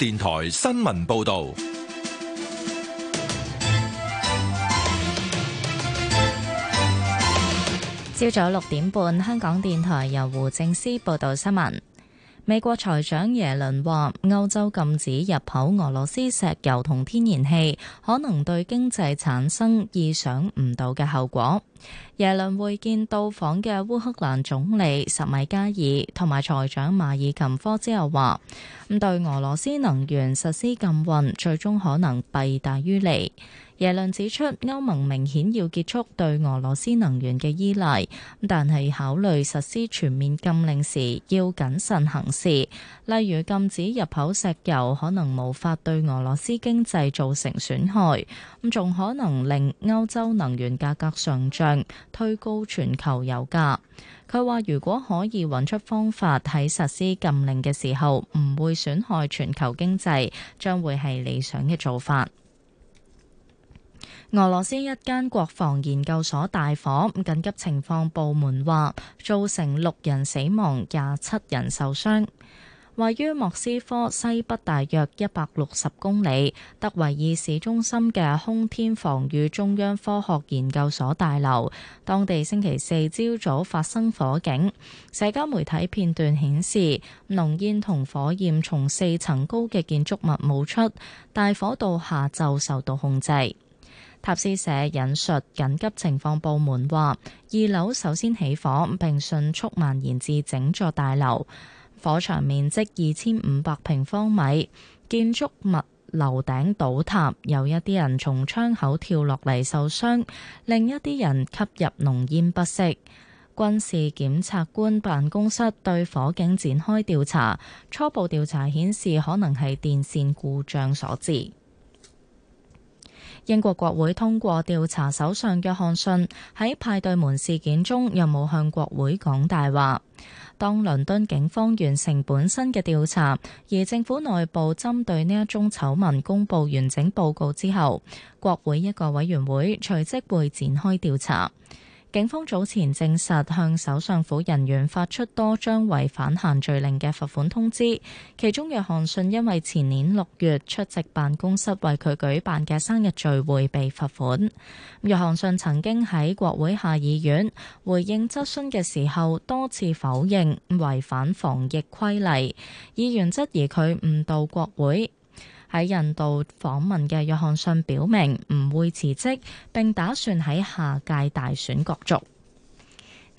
電台新聞報道。朝早六點半，香港電台由胡正思報道新聞。美國財長耶倫話，歐洲禁止入口俄羅斯石油同天然氣，可能對經濟產生意想唔到嘅後果。耶倫會見到訪嘅烏克蘭總理什米加爾同埋財長馬爾琴科之後話，咁對俄羅斯能源實施禁運，最終可能弊大於利。耶倫指出，歐盟明顯要結束對俄羅斯能源嘅依賴，但係考慮實施全面禁令時要謹慎行事。例如禁止入口石油，可能無法對俄羅斯經濟造成損害，咁仲可能令歐洲能源價格上漲，推高全球油價。佢話如果可以揾出方法喺實施禁令嘅時候唔會損害全球經濟，將會係理想嘅做法。俄羅斯一間國防研究所大火，緊急情況部門話造成六人死亡，廿七人受傷。位於莫斯科西北大約一百六十公里，德維爾市中心嘅空天防御中央科學研究所大樓，當地星期四朝早發生火警。社交媒體片段顯示，濃煙同火焰從四層高嘅建築物冒出，大火到下晝受到控制。塔斯社引述緊急情況部門話：二樓首先起火，並迅速蔓延至整座大樓。火場面積二千五百平方米，建築物樓頂倒塌，有一啲人從窗口跳落嚟受傷，另一啲人吸入濃煙不適。軍事檢察官辦公室對火警展開調查，初步調查顯示可能係電線故障所致。英國國會通過調查首相約翰遜喺派對門事件中有冇向國會講大話。當倫敦警方完成本身嘅調查，而政府內部針對呢一宗醜聞公佈完整報告之後，國會一個委員會隨即會展開調查。警方早前證實向首相府人員發出多張違反限聚令嘅罰款通知，其中約翰遜因為前年六月出席辦公室為佢舉辦嘅生日聚會被罰款。約翰遜曾經喺國會下議院回應質詢嘅時候多次否認違反防疫規例，議員質疑佢誤導國會。喺印度訪問嘅約翰遜表明唔會辭職，並打算喺下屆大選角逐。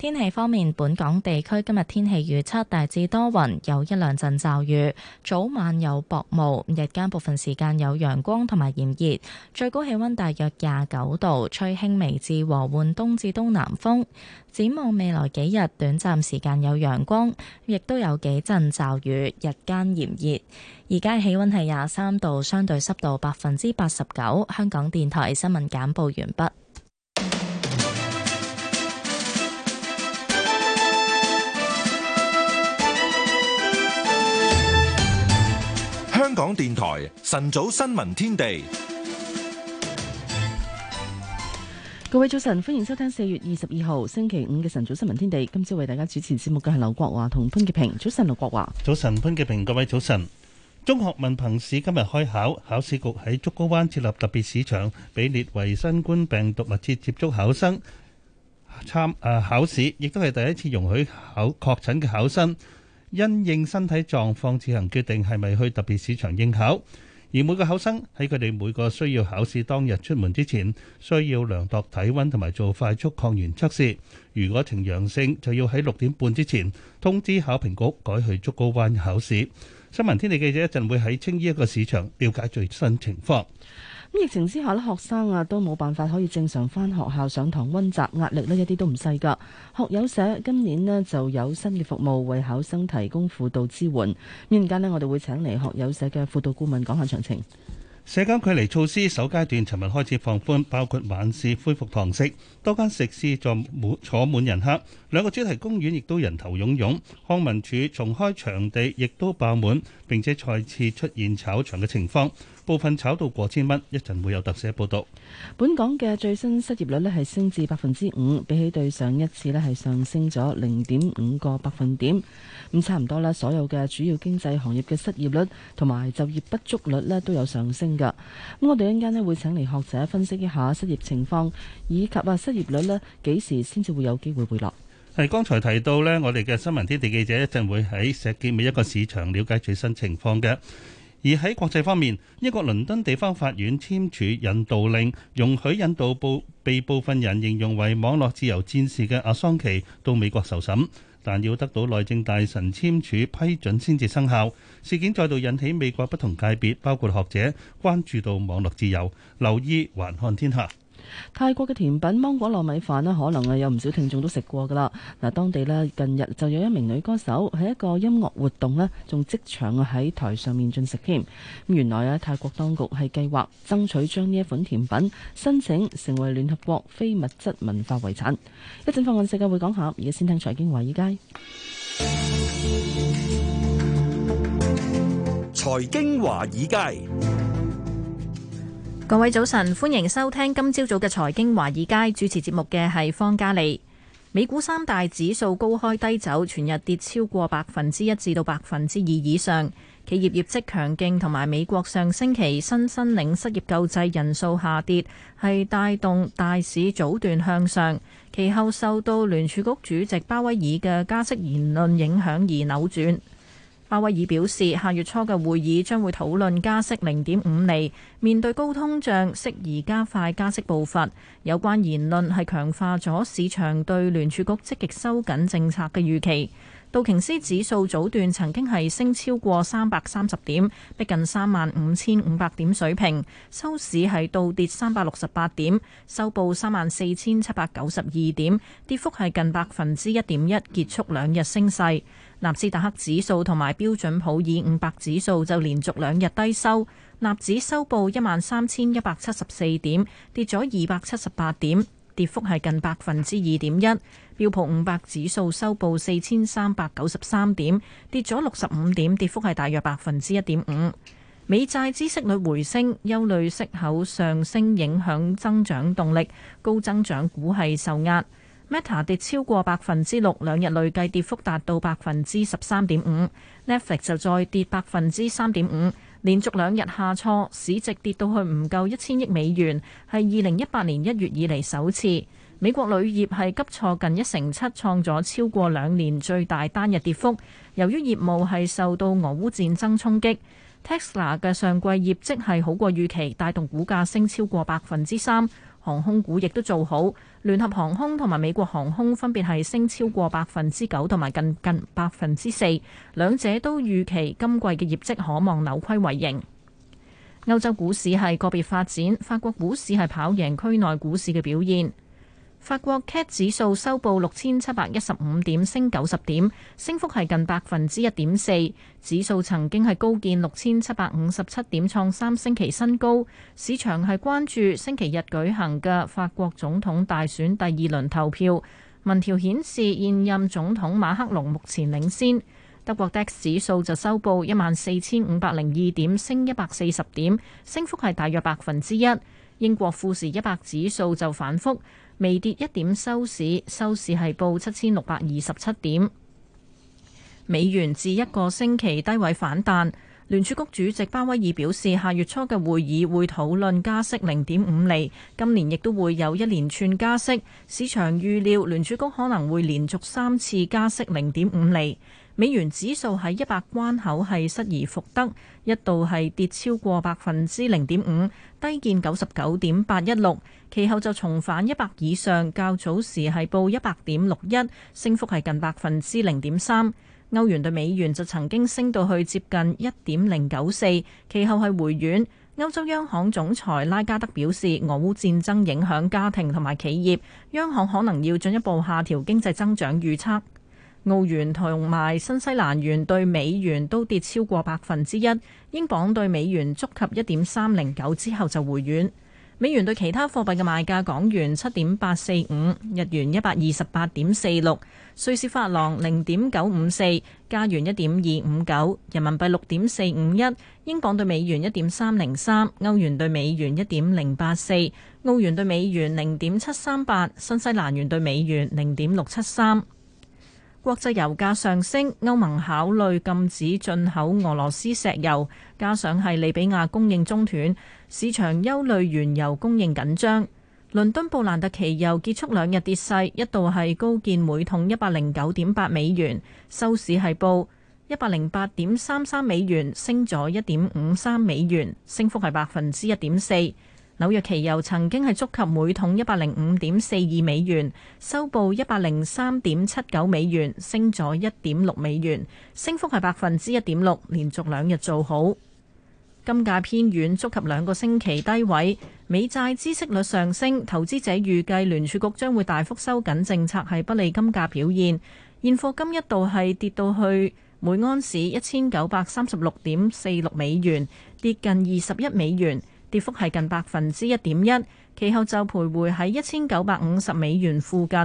天氣方面，本港地區今日天氣預測大致多雲，有一兩陣驟雨，早晚有薄霧，日間部分時間有陽光同埋炎熱，最高氣溫大約廿九度，吹輕微至和緩東至東南風。展望未來幾日，短暫時間有陽光，亦都有幾陣驟雨，日間炎熱。而家氣溫係廿三度，相對濕度百分之八十九。香港電台新聞簡報完畢。香港電台晨早新聞天地，各位早晨，歡迎收聽四月二十二號星期五嘅晨早新聞天地。今朝為大家主持節目嘅係劉國華同潘潔平。早晨，劉國華，早晨，潘潔平。各位早晨。中學文憑試今日開考，考試局喺竹篙灣設立特別市場，被列為新冠病毒密切接觸考生參誒、啊、考試，亦都係第一次容許考確診嘅考生，因應身體狀況自行決定係咪去特別市場應考，而每個考生喺佢哋每個需要考試當日出門之前，需要量度體温同埋做快速抗原測試。如果呈陽性，就要喺六點半之前通知考評局改去竹篙灣考試。新聞天地記者一陣會喺青衣一個市場了解最新情況。疫情之下咧，學生啊都冇辦法可以正常返學校上堂温習，壓力呢一啲都唔細㗎。學友社今年咧就有新嘅服務，為考生提供輔導支援。陣間咧，我哋會請嚟學友社嘅輔導顧問講下詳情。社交距離措施首階段尋日開始放寬，包括晚市恢復堂食，多間食肆坐坐滿人客，兩個主題公園亦都人頭湧湧，康文署重開場地亦都爆滿，並且再次出現炒場嘅情況。部分炒到過千蚊，一陣會有特寫報導。本港嘅最新失業率咧係升至百分之五，比起對上一次咧係上升咗零點五個百分點。咁差唔多啦，所有嘅主要經濟行業嘅失業率同埋就業不足率咧都有上升㗎。咁我哋一陣間咧會請嚟學者分析一下失業情況，以及啊失業率咧幾時先至會有機會回落。係剛才提到呢，我哋嘅新聞天地記者一陣會喺石硤尾一個市場了解最新情況嘅。而喺國際方面，英國倫敦地方法院簽署引渡令，容許引渡部被部分人形容為網絡自由戰士嘅阿桑奇到美國受審，但要得到內政大臣簽署批准先至生效。事件再度引起美國不同界別，包括學者關注到網絡自由。留意環看天下。泰國嘅甜品芒果糯米飯啦，可能啊有唔少聽眾都食過噶啦。嗱，當地咧近日就有一名女歌手喺一個音樂活動咧，仲即場喺台上面進食添。原來啊，泰國當局係計劃爭取將呢一款甜品申請成為聯合國非物質文化遺產。一陣放眼世界會講下，而家先聽財經華爾街。財經華爾街。各位早晨，歡迎收聽今朝早嘅財經華爾街，主持節目嘅係方嘉莉。美股三大指數高開低走，全日跌超過百分之一至到百分之二以上。企業業績強勁同埋美國上星期新申領失業救濟人數下跌，係帶動大市早段向上，其後受到聯儲局主席鮑威爾嘅加息言論影響而扭轉。鮑威爾表示，下月初嘅會議將會討論加息零點五厘，面對高通脹，適宜加快加息步伐。有關言論係強化咗市場對聯儲局積極收緊政策嘅預期。道瓊斯指數早段曾經係升超過三百三十點，逼近三萬五千五百點水平。收市係倒跌三百六十八點，收報三萬四千七百九十二點，跌幅係近百分之一點一，結束兩日升勢。納斯達克指數同埋標準普爾五百指數就連續兩日低收，納指收報一萬三千一百七十四點，跌咗二百七十八點，跌幅係近百分之二點一。標普五百指數收報四千三百九十三點，跌咗六十五點，跌幅係大約百分之一點五。美債孳息率回升，憂慮息口上升影響增長動力，高增長股係受壓。Meta 跌超過百分之六，兩日累計跌幅達到百分之十三點五。Netflix 就再跌百分之三點五，連續兩日下挫，市值跌到去唔夠一千億美元，係二零一八年一月以嚟首次。美國鋁業係急挫近一成七，創咗超過兩年最大單日跌幅。由於業務係受到俄烏戰爭衝擊，Tesla 嘅上季業績係好過預期，帶動股價升超過百分之三。航空股亦都做好。聯合航空同埋美國航空分別係升超過百分之九同埋近近百分之四，兩者都預期今季嘅業績可望扭虧為盈。歐洲股市係個別發展，法國股市係跑贏區內股市嘅表現。法國 CAC 指數收報六千七百一十五點，升九十點，升幅係近百分之一點四。指數曾經係高見六千七百五十七點，創三星期新高。市場係關注星期日舉行嘅法國總統大選第二輪投票。民調顯示現任總統馬克龍目前領先。德國 DAX 指數就收報一萬四千五百零二點，升一百四十點，升幅係大約百分之一。英國富時一百指數就反覆，微跌一點收市，收市係報七千六百二十七點。美元至一個星期低位反彈，聯儲局主席鮑威爾表示，下月初嘅會議會討論加息零點五厘，今年亦都會有一連串加息。市場預料聯儲局可能會連續三次加息零點五厘。美元指數喺一百關口係失而復得，一度係跌超過百分之零點五，低見九十九點八一六，其後就重返一百以上。較早時係報一百點六一，升幅係近百分之零點三。歐元對美元就曾經升到去接近一點零九四，其後係回軟。歐洲央行總裁拉加德表示，俄烏戰爭影響家庭同埋企業，央行可能要進一步下調經濟增長預測。澳元同埋新西蘭元對美元都跌超過百分之一，英鎊對美元觸及一點三零九之後就回軟。美元對其他貨幣嘅賣價：港元七點八四五，日元一百二十八點四六，瑞士法郎零點九五四，加元一點二五九，人民幣六點四五一，英鎊對美元一點三零三，歐元對美元一點零八四，澳元對美元零點七三八，新西蘭元對美元零點六七三。國際油價上升，歐盟考慮禁止進口俄羅斯石油，加上係利比亞供應中斷，市場憂慮原油供應緊張。倫敦布蘭特期油結束兩日跌勢，一度係高見每桶一百零九點八美元，收市係報一百零八點三三美元，升咗一點五三美元，升幅係百分之一點四。紐約期油曾經係觸及每桶一百零五點四二美元，收報一百零三點七九美元，升咗一點六美元，升幅係百分之一點六，連續兩日做好。金價偏軟，觸及兩個星期低位。美債孳息率上升，投資者預計聯儲局將會大幅收緊政策，係不利金價表現。現貨金一度係跌到去每安士一千九百三十六點四六美元，跌近二十一美元。跌幅係近百分之一點一，其後就徘徊喺一千九百五十美元附近。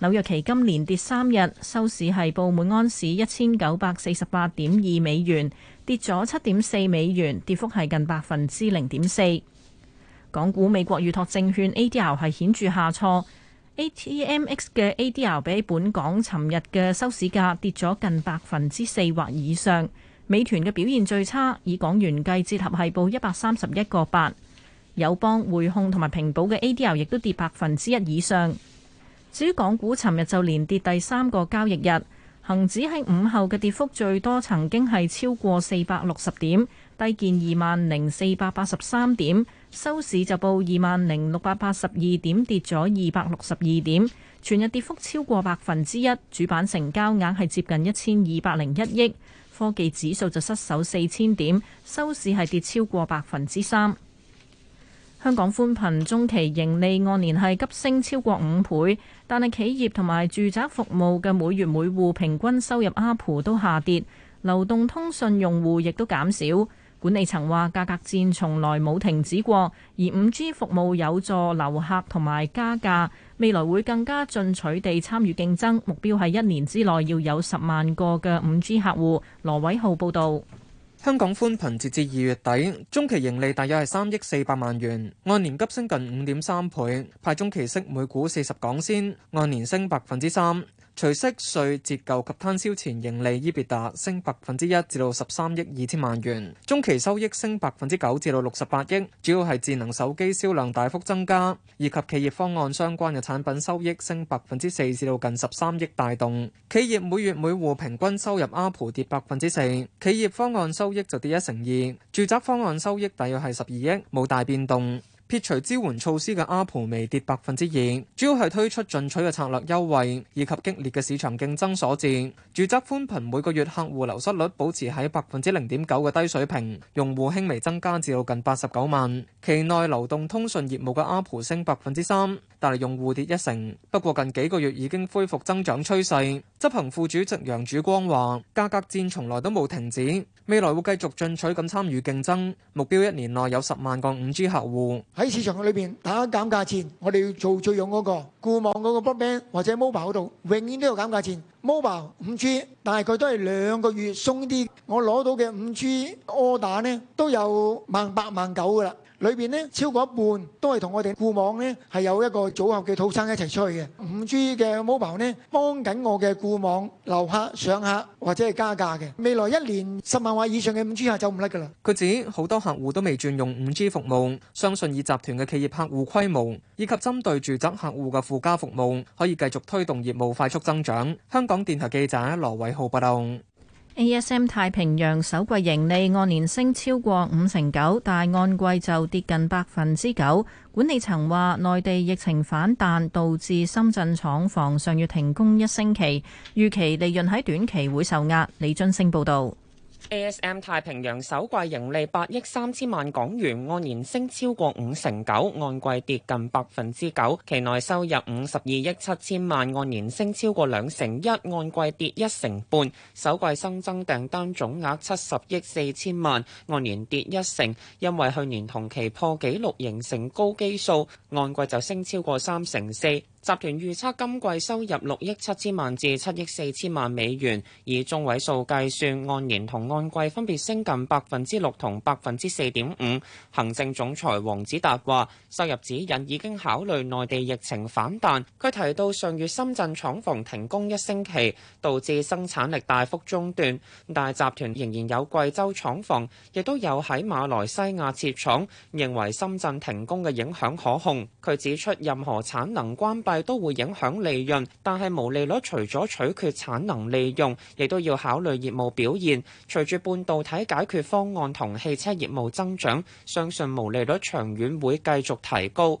紐約期金連跌三日，收市係報每盎司一千九百四十八點二美元，跌咗七點四美元，跌幅係近百分之零點四。港股美國預託證券 ADR 係顯著下挫，ATMX 嘅 ADR 比本港尋日嘅收市價跌咗近百分之四或以上。美團嘅表現最差，以港元計，折合係報一百三十一個八。友邦、匯控同埋平保嘅 A.D.R. 亦都跌百分之一以上。至於港股，尋日就連跌第三個交易日，恒指喺午後嘅跌幅最多，曾經係超過四百六十點，低見二萬零四百八十三點，收市就報二萬零六百八十二點，跌咗二百六十二點，全日跌幅超過百分之一。主板成交額係接近一千二百零一億。科技指數就失守四千點，收市係跌超過百分之三。香港寬頻中期盈利按年係急升超過五倍，但係企業同埋住宅服務嘅每月每戶平均收入 ARPU 都下跌，流動通訊用戶亦都減少。管理層話價格戰從來冇停止過，而五 G 服務有助留客同埋加價。未來會更加進取地參與競爭，目標係一年之內要有十萬個嘅五 G 客戶。羅偉浩報導，香港寬頻截至二月底中期盈利大約係三億四百萬元，按年急升近五點三倍，派中期息每股四十港仙，按年升百分之三。除息稅折舊及攤銷前盈利伊 b i 升百分之一至到十三億二千萬元，中期收益升百分之九至到六十八億，主要係智能手機銷量大幅增加，以及企業方案相關嘅產品收益升百分之四至到近十三億帶動。企業每月每戶平均收入阿普跌百分之四，企業方案收益就跌一成二，住宅方案收益大約係十二億，冇大變動。撇除支援措施嘅阿蒲微跌百分之二，主要係推出進取嘅策略優惠以及激烈嘅市場競爭所致。住宅寬頻每個月客戶流失率保持喺百分之零點九嘅低水平，用戶輕微增加至到近八十九萬。期內流動通訊業務嘅阿蒲升百分之三，但係用戶跌一成。不過近幾個月已經恢復增長趨勢。執行副主席楊主光話，價格戰從來都冇停止。未來會繼續進取咁參與競爭，目標一年內有十萬個五 G 客戶喺市場嘅裏邊打減價戰，我哋要做最勇嗰個，固網嗰個 broadband 或者 mobile 嗰度，永遠都有減價戰。mobile 五 G 大概都係兩個月鬆啲，我攞到嘅五 G order 呢都有萬八萬九噶啦。裏邊咧，超過一半都係同我哋固網咧，係有一個組合嘅套餐一齊出去嘅五 G 嘅 mobile 咧，幫緊我嘅固網樓客上客或者係加價嘅，未來一年十萬位以上嘅五 G 客走唔甩㗎啦。佢指好多客戶都未轉用五 G 服務，相信以集團嘅企業客戶規模以及針對住宅客戶嘅附加服務，可以繼續推動業務快速增長。香港電台記者羅偉浩報道。ASM 太平洋首季盈利按年升超過五成九，但按季就跌近百分之九。管理層話，內地疫情反彈導致深圳廠房上月停工一星期，預期利潤喺短期會受壓。李津升報道。ASM 太平洋首季盈利八億三千萬港元，按年升超過五成九，按季跌近百分之九。期內收入五十二億七千萬，按年升超過兩成一，按季跌一成半。首季新增訂單總額七十億四千萬，按年跌一成，因為去年同期破紀錄形成高基數，按季就升超過三成四。集團預測今季收入六億七千萬至七億四千萬美元，以中位數計算，按年同按季分別升近百分之六同百分之四點五。行政總裁黃子達話：收入指引已經考慮內地疫情反彈。佢提到上月深圳廠房停工一星期，導致生產力大幅中斷，但集團仍然有貴州廠房，亦都有喺馬來西亞設廠，認為深圳停工嘅影響可控。佢指出任何產能關閉，都係都會影響利潤，但係毛利率除咗取決產能利用，亦都要考慮業務表現。隨住半導體解決方案同汽車業務增長，相信毛利率長遠會繼續提高。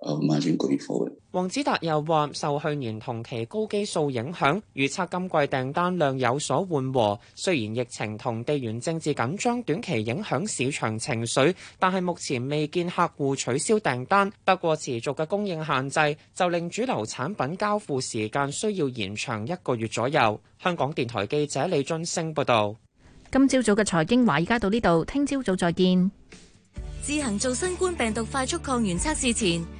買點貴子達又話，受去年同期高基數影響，預測今季訂單量有所緩和。雖然疫情同地緣政治緊張短期影響市場情緒，但係目前未見客戶取消訂單。不過，持續嘅供應限制就令主流產品交付時間需要延長一個月左右。香港電台記者李俊升報道。今朝早嘅財經華而家到呢度，聽朝早，早再見。自行做新冠病毒快速抗原測試前。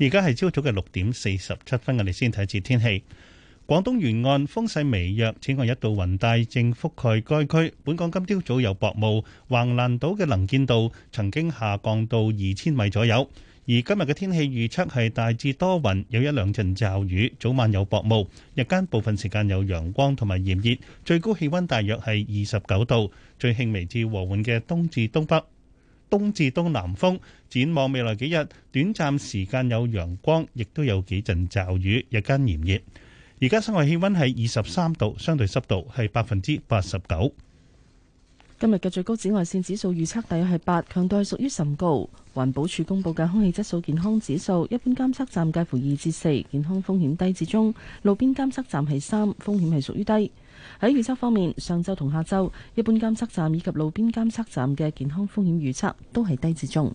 而家係朝早嘅六點四十七分，我哋先睇一次天氣。廣東沿岸風勢微弱，只有一道雲帶正覆蓋該區。本港今朝早有薄霧，橫瀾島嘅能見度曾經下降到二千米左右。而今日嘅天氣預測係大致多雲，有一兩陣驟雨，早晚有薄霧，日間部分時間有陽光同埋炎熱，最高氣溫大約係二十九度，最輕微至和緩嘅東至東北、東至東南風。展望未來幾日，短暫時間有陽光，亦都有幾陣驟雨。日間炎熱，而家室外氣溫係二十三度，相對濕度係百分之八十九。今日嘅最高紫外線指數預測大約係八，強度係屬於甚高。環保署公佈嘅空氣質素健康指數，一般監測站介乎二至四，健康風險低至中；路邊監測站係三，風險係屬於低。喺預測方面，上周同下周一般監測站以及路邊監測站嘅健康風險預測都係低至中。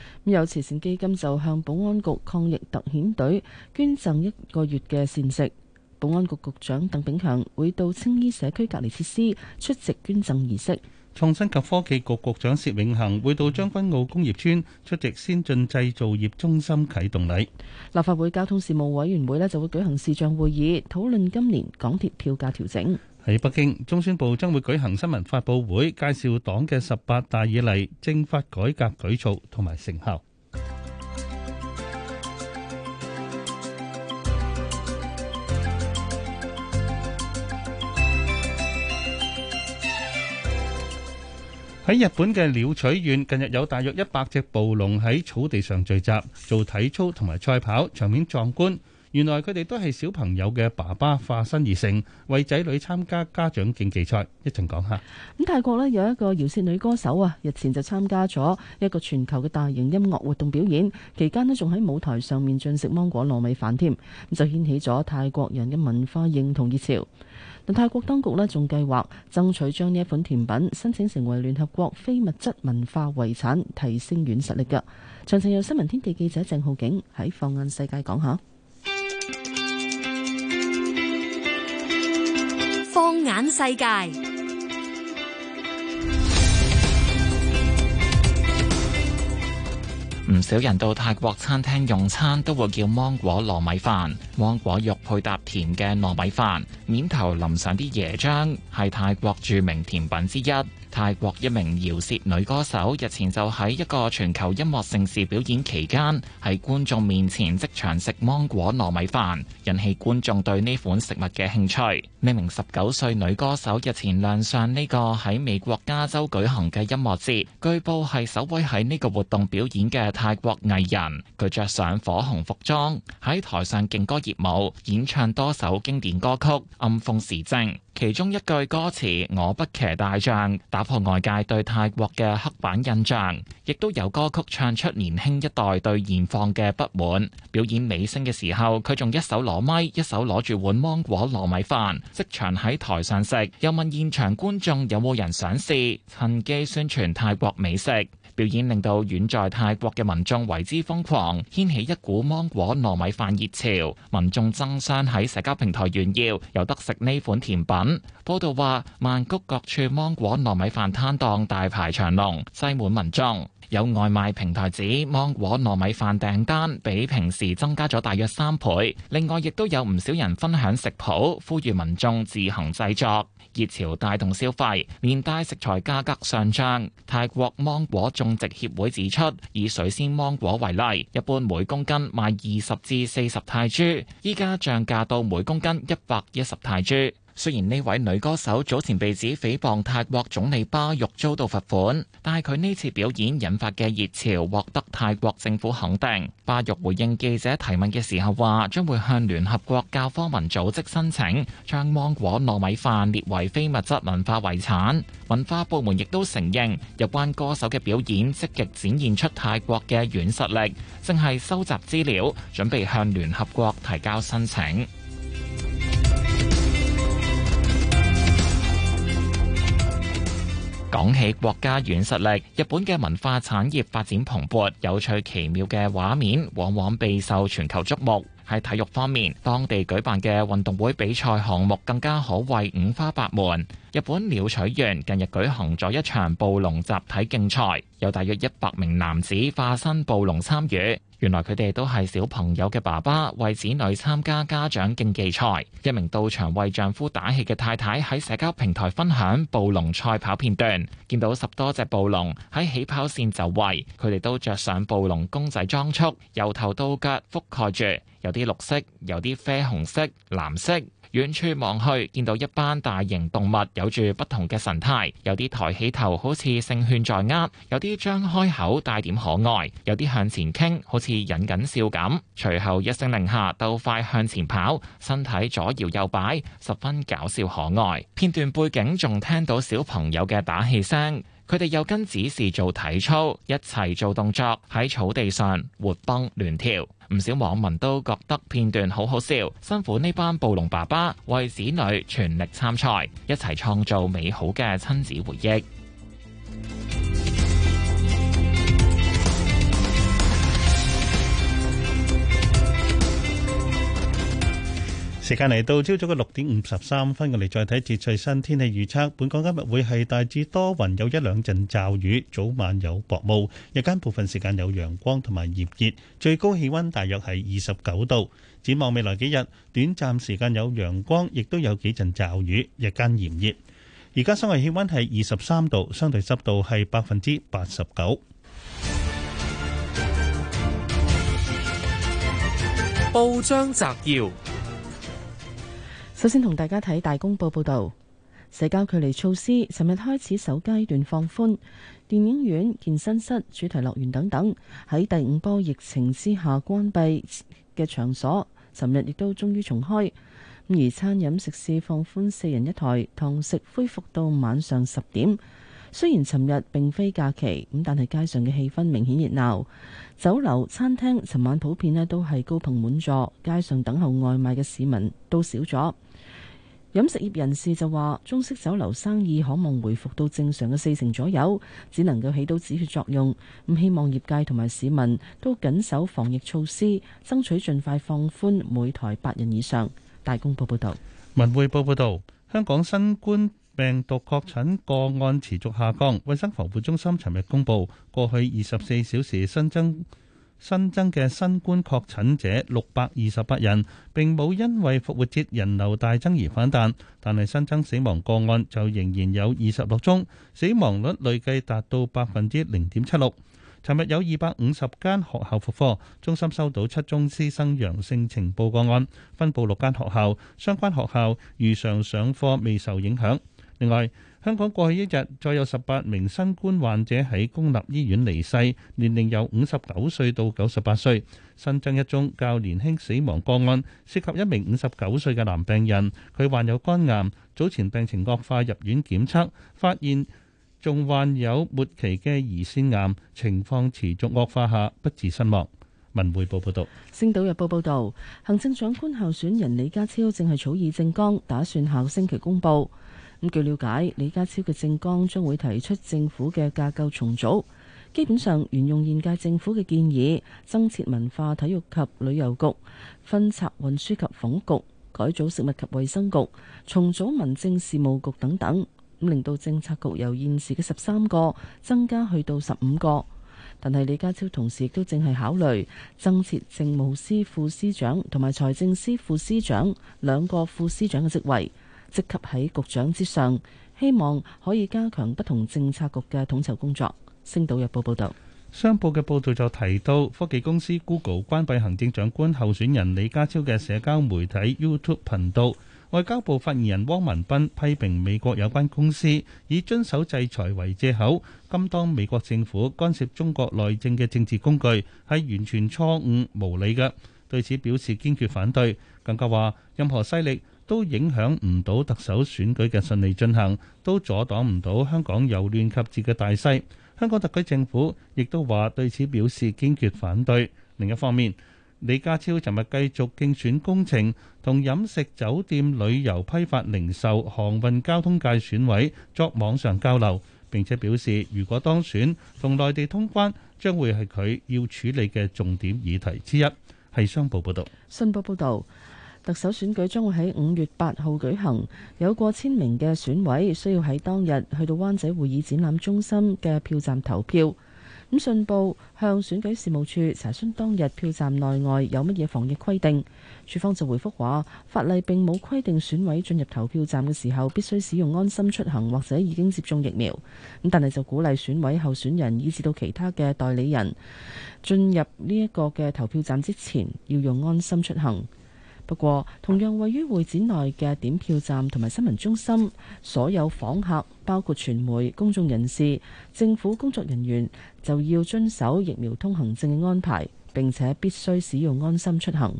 有慈善基金就向保安局抗疫特遣隊捐贈一個月嘅膳食。保安局局長鄧炳強會到青衣社區隔離設施出席捐贈儀式。創新及科技局局長薛永恒會到將軍澳工業村出席先進製造業中心啟動禮。立法會交通事務委員會咧就會舉行視像會議，討論今年港鐵票價調整。喺北京，中宣部將會舉行新聞發布會，介紹黨嘅十八大以嚟政法改革舉措同埋成效。喺日本嘅鳥取縣，近日有大約一百隻暴龍喺草地上聚集做體操同埋賽跑，場面壯觀。原來佢哋都係小朋友嘅爸爸化身而成，為仔女參加家長競技賽。一陣講下咁。泰國咧有一個饒舌女歌手啊，日前就參加咗一個全球嘅大型音樂活動表演，期間咧仲喺舞台上面進食芒果糯米飯，添咁就掀起咗泰國人嘅文化認同熱潮。但泰國當局咧仲計劃爭取將呢一款甜品申請成為聯合國非物質文化遺產，提升軟實力。噶詳情由新聞天地記者鄭浩景喺放眼世界講下。放眼世界，唔少人到泰國餐廳用餐都會叫芒果糯米飯。芒果肉配搭甜嘅糯米飯，面頭淋上啲椰漿，係泰國著名甜品之一。泰國一名饒舌女歌手日前就喺一個全球音樂盛事表演期間，喺觀眾面前即場食芒果糯米飯，引起觀眾對呢款食物嘅興趣。呢名十九歲女歌手日前亮相呢個喺美國加州舉行嘅音樂節，據報係首位喺呢個活動表演嘅泰國藝人。佢着上火紅服裝，喺台上勁歌熱舞，演唱多首經典歌曲《暗諷時政》。其中一句歌詞「我不騎大象」打破外界對泰國嘅刻板印象，亦都有歌曲唱出年輕一代對現況嘅不滿。表演尾聲嘅時候，佢仲一手攞咪，一手攞住碗芒果糯米飯即場喺台上食，又問現場觀眾有冇人想試，趁機宣傳泰國美食。表演令到遠在泰國嘅民眾為之瘋狂，掀起一股芒果糯米飯熱潮。民眾爭相喺社交平台炫耀有得食呢款甜品。報道話，曼谷各處芒果糯米飯攤檔大排長龍，擠滿民眾。有外賣平台指芒果糯米飯訂單比平時增加咗大約三倍，另外亦都有唔少人分享食譜，呼籲民眾自行製作。熱潮帶動消費，連帶食材價格上漲。泰國芒果種植協會指出，以水仙芒果為例，一般每公斤賣二十至四十泰銖，依家漲價到每公斤一百一十泰銖。雖然呢位女歌手早前被指誹謗泰國總理巴育遭到罰款，但係佢呢次表演引發嘅熱潮獲得泰國政府肯定。巴育回應記者提問嘅時候話，將會向聯合國教科文組織申請將芒果糯米飯列為非物質文化遺產。文化部門亦都承認，有關歌手嘅表演積極展現出泰國嘅軟實力，正係收集資料，準備向聯合國提交申請。講起國家軟實力，日本嘅文化產業發展蓬勃，有趣奇妙嘅畫面往往備受全球矚目。喺體育方面，當地舉辦嘅運動會比賽項目更加可謂五花八門。日本鳥取縣近日舉行咗一場暴龍集體競賽，有大約一百名男子化身暴龍參與。原來佢哋都係小朋友嘅爸爸，為子女參加家長競技賽。一名到場為丈夫打氣嘅太太喺社交平台分享暴龍賽跑片段，見到十多隻暴龍喺起跑線就位，佢哋都着上暴龍公仔裝束，由頭到腳覆蓋住，有啲綠色，有啲啡紅色、藍色。遠處望去，見到一班大型動物有住不同嘅神態，有啲抬起頭好似勝券在握，有啲張開口帶點可愛，有啲向前傾好似忍緊笑咁。隨後一聲令下，鬥快向前跑，身體左搖右擺，十分搞笑可愛。片段背景仲聽到小朋友嘅打氣聲，佢哋又跟指示做體操，一齊做動作喺草地上活蹦亂跳。唔少網民都覺得片段好好笑，辛苦呢班暴龍爸爸，為子女全力參賽，一齊創造美好嘅親子回憶。時間嚟到朝早嘅六點五十三分，我哋再睇節最新天氣預測。本港今日會係大致多雲，有一兩陣驟雨，早晚有薄霧，日間部分時間有陽光同埋炎熱，最高氣温大約係二十九度。展望未來幾日，短暫時間有陽光，亦都有幾陣驟雨，日間炎熱。而家室外氣温係二十三度，相對濕度係百分之八十九。報章摘要。首先同大家睇大公報報道，社交距離措施尋日開始首階段放寬，電影院、健身室、主題樂園等等喺第五波疫情之下關閉嘅場所，尋日亦都終於重開。而餐飲食肆放寬四人一台，堂食恢復到晚上十點。雖然尋日並非假期，咁但係街上嘅氣氛明顯熱鬧，酒樓餐廳尋晚普遍咧都係高朋滿座，街上等候外賣嘅市民都少咗。飲食業人士就話：中式酒樓生意可望回復到正常嘅四成左右，只能夠起到止血作用。咁希望業界同埋市民都緊守防疫措施，爭取盡快放寬每台八人以上。大公報報道。文匯報報道，香港新冠病毒確診個案持續下降。衞生防護中心尋日公布，過去二十四小時新增新增嘅新冠確診者六百二十八人，並冇因為復活節人流大增而反彈。但係新增死亡個案就仍然有二十六宗，死亡率累計達到百分之零點七六。尋日有二百五十間學校復課，中心收到七宗師生陽性呈報個案，分布六間學校，相關學校如常上課未受影響。另外，香港過去一日再有十八名新冠患者喺公立醫院離世，年齡由五十九歲到九十八歲。新增一宗較年輕死亡個案，涉及一名五十九歲嘅男病人，佢患有肝癌，早前病情惡化入院檢測，發現仲患有末期嘅胰腺癌，情況持續惡化下不治身亡。文匯報報道，《星島日報》報道，行政長官候選人李家超正係草擬政綱，打算下星期公佈。咁據了解，李家超嘅政綱將會提出政府嘅架構重組，基本上沿用現屆政府嘅建議，增設文化、體育及旅遊局，分拆運輸及房局，改組食物及衛生局，重組民政事務局等等，咁令到政策局由現時嘅十三個增加去到十五個。但係李家超同時亦都正係考慮增設政務司副司長同埋財政司副司長兩個副司長嘅職位。即及喺局長之上，希望可以加強不同政策局嘅統籌工作。星島日報報道，商報嘅報導就提到，科技公司 Google 關閉行政長官候選人李家超嘅社交媒體 YouTube 頻道。外交部發言人汪文斌批評美國有關公司以遵守制裁為借口，甘當美國政府干涉中國內政嘅政治工具，係完全錯誤無理嘅，對此表示堅決反對。更加話任何勢力，都影響唔到特首選舉嘅順利進行，都阻擋唔到香港由亂及治嘅大勢。香港特區政府亦都話對此表示堅決反對。另一方面，李家超尋日繼續競選工程，同飲食酒店旅遊批發零售航運交通界選委作網上交流，並且表示如果當選，同內地通關將會係佢要處理嘅重點議題之一。係商報，報報導，新報報道。特首選舉將會喺五月八號舉行，有過千名嘅選委需要喺當日去到灣仔會議展覽中心嘅票站投票。咁信報向選舉事務處查詢，當日票站內外有乜嘢防疫規定？處方就回覆話，法例並冇規定選委進入投票站嘅時候必須使用安心出行或者已經接種疫苗。咁但係就鼓勵選委候選人以至到其他嘅代理人進入呢一個嘅投票站之前，要用安心出行。不過，同樣位於會展內嘅點票站同埋新聞中心，所有訪客包括傳媒、公眾人士、政府工作人員就要遵守疫苗通行證嘅安排，並且必須使用安心出行。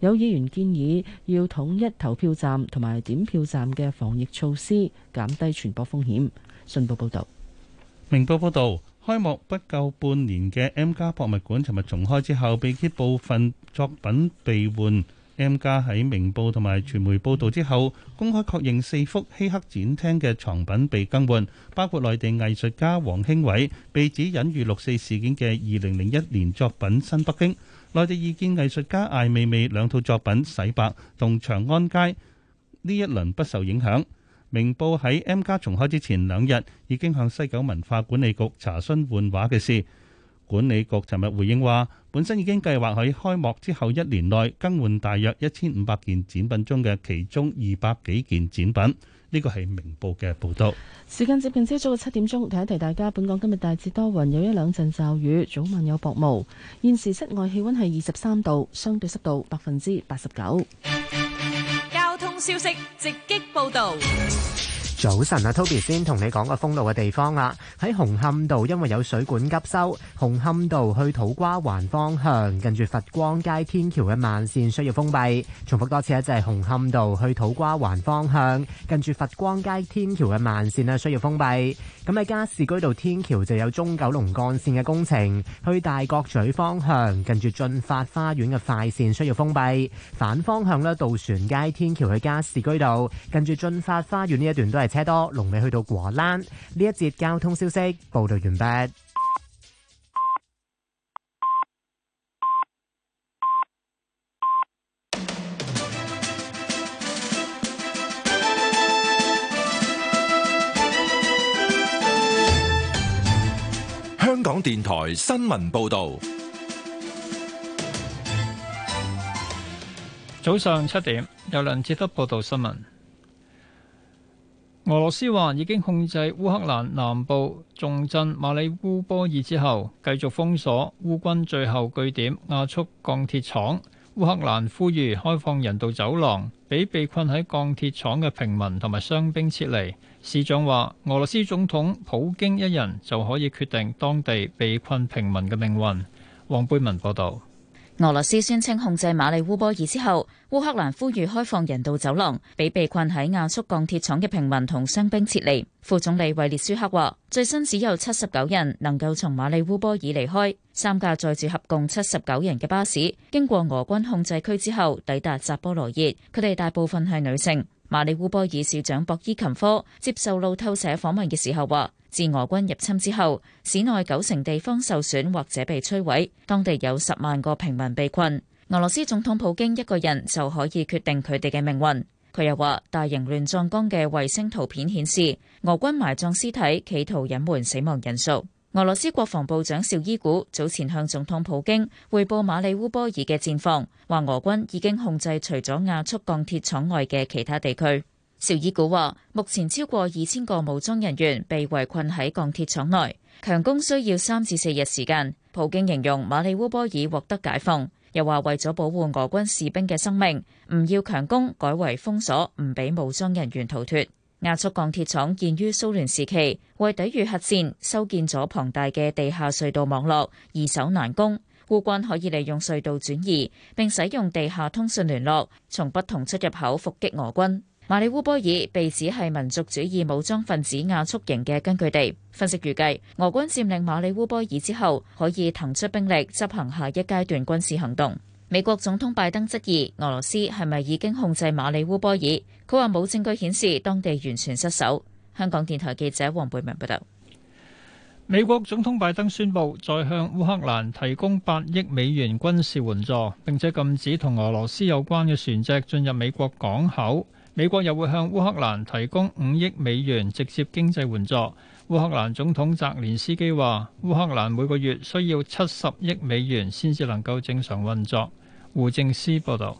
有議員建議要統一投票站同埋點票站嘅防疫措施，減低傳播風險。信報報導，明報報道：開幕不夠半年嘅 M 家博物館，尋日重開之後，被揭部分作品被換。M+ 喺明報同埋傳媒報導之後，公開確認四幅希克展廳嘅藏品被更換，包括內地藝術家王興偉被指隱喻六四事件嘅二零零一年作品《新北京》，內地異見藝術家艾未未兩套作品《洗白》同《長安街》呢一輪不受影響。明報喺 M+ 重開之前兩日已經向西九文化管理局查詢換畫嘅事。管理局尋日回應話，本身已經計劃喺開幕之後一年內更換大約一千五百件展品中嘅其中二百幾件展品。呢個係明報嘅報道。時間接近朝早七點鐘，提一提大家，本港今日大致多雲，有一兩陣驟雨，早晚有薄霧。現時室外氣溫係二十三度，相對濕度百分之八十九。交通消息直擊報道。早晨啊，Toby 先同你講個封路嘅地方啦。喺紅磡道因為有水管急修，紅磡道去土瓜灣方向，近住佛光街天橋嘅慢線需要封閉。重複多次咧，就係、是、紅磡道去土瓜灣方向，近住佛光街天橋嘅慢線咧需要封閉。咁喺加士居道天橋就有中九龍幹線嘅工程，去大角咀方向，近住進發花園嘅快線需要封閉。反方向，呢渡船街天橋去加士居道，近住進發花園呢一段都係車多，龍尾去到果欄。呢一節交通消息報導完畢。香港電台新聞報道，早上七點，由梁志德報道新聞。俄羅斯話已經控制烏克蘭南部重鎮馬里烏波爾之後，繼續封鎖烏軍最後據點亞速鋼鐵廠。烏克蘭呼籲開放人道走廊，俾被，被困喺鋼鐵廠嘅平民同埋傷兵撤離。市長話：俄羅斯總統普京一人就可以決定當地被困平民嘅命運。黃貝文報道，俄羅斯宣稱控制馬里烏波爾之後，烏克蘭呼籲開放人道走廊，俾被，被困喺亞速鋼鐵廠嘅平民同傷兵撤離。副總理韋列舒克話：最新只有七十九人能夠從馬里烏波爾離開。三架載住合共七十九人嘅巴士經過俄軍控制區之後，抵達扎波羅熱。佢哋大部分係女性。馬里烏波爾市長博伊琴科接受路透社訪問嘅時候話，自俄軍入侵之後，市內九成地方受損或者被摧毀，當地有十萬個平民被困。俄羅斯總統普京一個人就可以決定佢哋嘅命運。佢又話，大型亂葬崗嘅衛星圖片顯示，俄軍埋葬屍體，企圖隱瞞死亡人數。俄羅斯國防部長紹伊古早前向總統普京匯報馬里烏波爾嘅戰況，話俄軍已經控制除咗亞速鋼鐵廠外嘅其他地區。紹伊古話：目前超過二千個武裝人員被圍困喺鋼鐵廠內，強攻需要三至四日時間。普京形容馬里烏波爾獲得解放，又話為咗保護俄軍士兵嘅生命，唔要強攻，改為封鎖，唔俾武裝人員逃脱。亞速鋼鐵廠建於蘇聯時期，為抵禦核戰，修建咗龐大嘅地下隧道網絡，易守難攻。烏軍可以利用隧道轉移，並使用地下通訊聯絡，從不同出入口伏擊俄軍。馬里烏波爾被指係民族主義武裝分子亞速營嘅根據地。分析預計，俄軍佔領馬里烏波爾之後，可以騰出兵力，執行下一階段軍事行動。美國總統拜登質疑俄羅斯係咪已經控制馬里烏波爾？佢話冇證據顯示當地完全失守。香港電台記者黃貝明報道，美國總統拜登宣布再向烏克蘭提供八億美元軍事援助，並且禁止同俄羅斯有關嘅船隻進入美國港口。美國又會向烏克蘭提供五億美元直接經濟援助。烏克蘭總統澤連斯基話：烏克蘭每個月需要七十億美元，先至能夠正常運作。胡正思報道。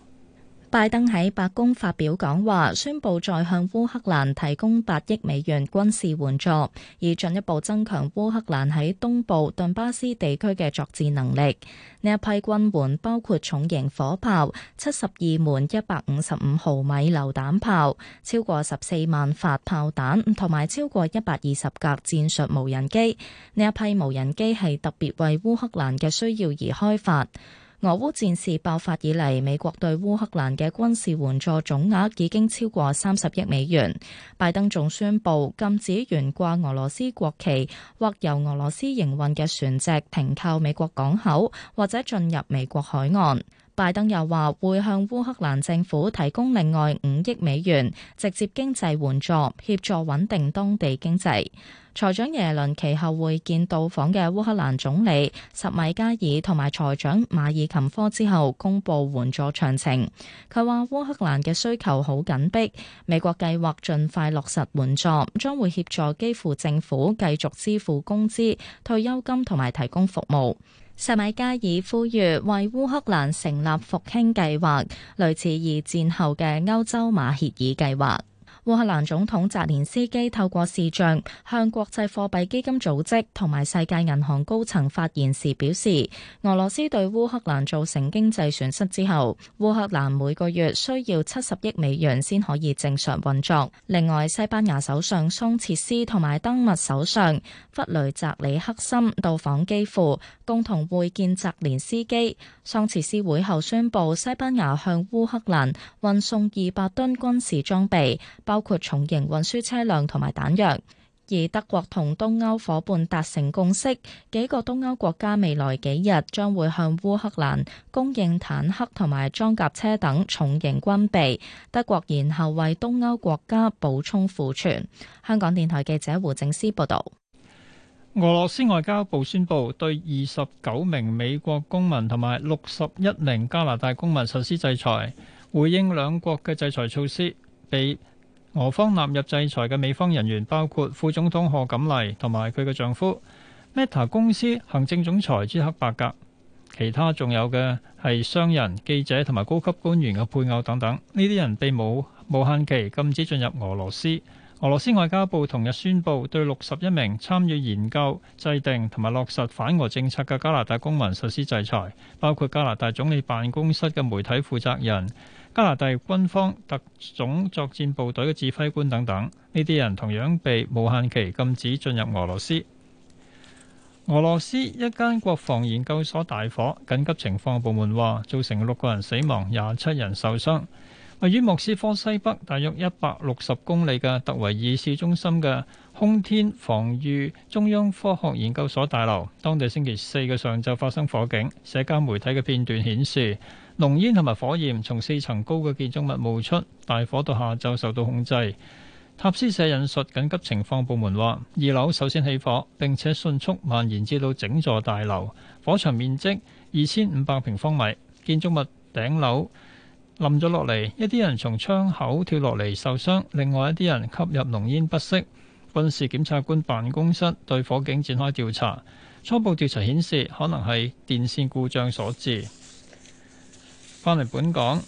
拜登喺白宮發表講話，宣布再向烏克蘭提供八億美元軍事援助，以進一步增強烏克蘭喺東部頓巴斯地區嘅作戰能力。呢一批軍援包括重型火炮、七十二門一百五十五毫米榴彈炮、超過十四萬發炮彈，同埋超過一百二十架戰術無人機。呢一批無人機係特別為烏克蘭嘅需要而開發。俄烏戰事爆發以嚟，美國對烏克蘭嘅軍事援助總額已經超過三十億美元。拜登仲宣布禁止懸掛俄羅斯國旗或由俄羅斯營運嘅船隻停靠美國港口，或者進入美國海岸。拜登又話會向烏克蘭政府提供另外五億美元直接經濟援助，協助穩定當地經濟。財長耶倫其後會見到訪嘅烏克蘭總理什米加爾同埋財長馬爾琴科之後，公布援助詳情。佢話烏克蘭嘅需求好緊迫，美國計劃盡快落實援助，將會協助基輔政府繼續支付工資、退休金同埋提供服務。薩米加爾呼籲為烏克蘭成立復興計劃，類似二戰後嘅歐洲馬歇爾計劃。烏克蘭總統澤連斯基透過視像向國際貨幣基金組織同埋世界銀行高層發言時表示，俄羅斯對烏克蘭造成經濟損失之後，烏克蘭每個月需要七十億美元先可以正常運作。另外，西班牙首相桑切斯同埋丹麥首相弗雷澤里克森到訪基輔，共同會見澤連斯基。桑切斯會後宣布，西班牙向烏克蘭運送二百噸軍事裝備，包括重型運輸車輛同埋彈藥。而德國同東歐夥伴達成共識，幾個東歐國家未來幾日將會向烏克蘭供應坦克同埋裝甲車等重型軍備，德國然後為東歐國家補充庫存。香港電台記者胡靖思報道。俄羅斯外交部宣布對二十九名美國公民同埋六十一名加拿大公民實施制裁，回應兩國嘅制裁措施，被俄方納入制裁嘅美方人員包括副總統賀錦麗同埋佢嘅丈夫 Meta 公司行政總裁朱克伯格，其他仲有嘅係商人、記者同埋高級官員嘅配偶等等，呢啲人被冇無，無限期禁止進入俄羅斯。俄羅斯外交部同日宣布，對六十一名參與研究、制定同埋落實反俄政策嘅加拿大公民實施制裁，包括加拿大總理辦公室嘅媒體負責人、加拿大軍方特種作戰部隊嘅指揮官等等。呢啲人同樣被無限期禁止進入俄羅斯。俄羅斯一間國防研究所大火，緊急情況部門話造成六個人死亡，廿七人受傷。位於莫斯科西北大約一百六十公里嘅特維爾市中心嘅空天防御中央科學研究所大樓，當地星期四嘅上晝發生火警。社交媒體嘅片段顯示，濃煙同埋火焰從四層高嘅建築物冒出。大火到下晝受到控制。塔斯社引述緊急情況部門話，二樓首先起火，並且迅速蔓延至到整座大樓。火場面積二千五百平方米，建築物頂樓。冧咗落嚟，一啲人從窗口跳落嚟受傷，另外一啲人吸入濃煙不適。軍事檢察官辦公室對火警展開調查，初步調查顯示可能係電線故障所致。返嚟本港，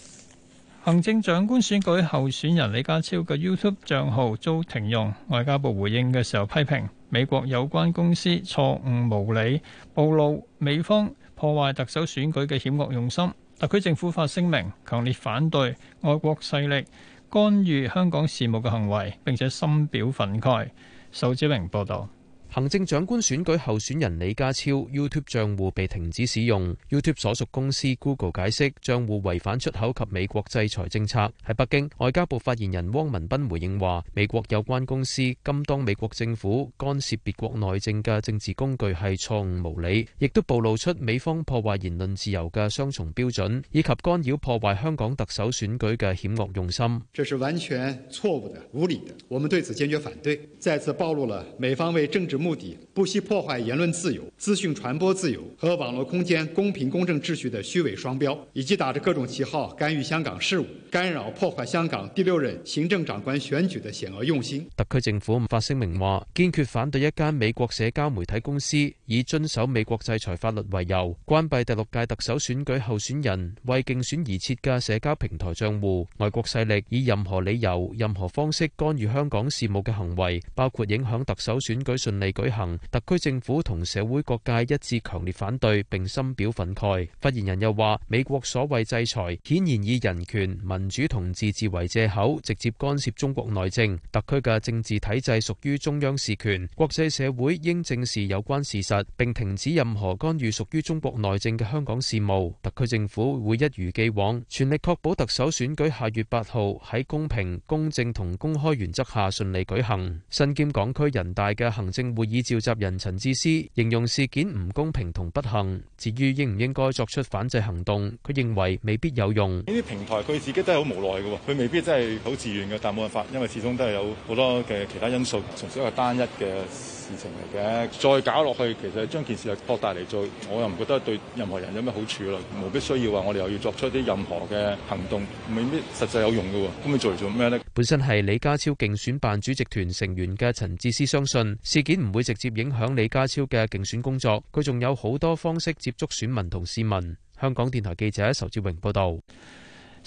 行政長官選舉候選人李家超嘅 YouTube 賬號遭停用。外交部回應嘅時候批評美國有關公司錯誤無理，暴露美方破壞特首選舉嘅險惡用心。特區政府發聲明，強烈反對外國勢力干預香港事務嘅行為，並且深表憤慨。仇志明報導。行政長官選舉候選人李家超 YouTube 賬戶被停止使用，YouTube 所屬公司 Google 解釋，賬戶違反出口及美國制裁政策。喺北京，外交部發言人汪文斌回應話：美國有關公司甘當美國政府干涉別國內政嘅政治工具係錯誤無理，亦都暴露出美方破壞言論自由嘅雙重標準，以及干擾破壞香港特首選舉嘅險惡用心。這是完全錯誤的、無理的，我們對此堅決反對，再次暴露了美方為政治目的不惜破壞言論自由、資訊傳播自由和網絡空間公平公正秩序的虛偽雙標，以及打着各種旗號干預香港事務、干擾破壞香港第六任行政長官選舉的險惡用心。特區政府唔發聲明話，堅決反對一間美國社交媒體公司以遵守美國制裁法律為由，關閉第六屆特首選舉候選人為競選而設嘅社交平台賬戶。外國勢力以任何理由、任何方式干預香港事務嘅行為，包括影響特首選舉順利。舉行，特區政府同社會各界一致強烈反對，並深表憤慨。發言人又話，美國所謂制裁，顯然以人權、民主同自治為借口，直接干涉中國內政。特區嘅政治體制屬於中央事權，國際社會應正視有關事實，並停止任何干預屬於中國內政嘅香港事務。特區政府會一如既往，全力確保特首選舉下月八號喺公平、公正同公開原則下順利舉行。身兼港區人大嘅行政。會議召集人陳智思形容事件唔公平同不幸，至於應唔應該作出反制行動，佢認為未必有用。呢啲平台佢自己都係好無奈嘅，佢未必真係好自願嘅，但冇辦法，因為始終都係有好多嘅其他因素，從小係單一嘅，事情嚟嘅，再搞落去，其實將件事擴大嚟做，我又唔覺得對任何人有咩好處咯。冇必要話，我哋又要作出啲任何嘅行動，未必實際有用㗎喎。咁你做嚟做咩呢？本身係李家超競選辦主席團成員嘅陳智思相信事件唔會直接影響李家超嘅競選工作，佢仲有好多方式接觸選民同市民。香港電台記者仇志榮報導。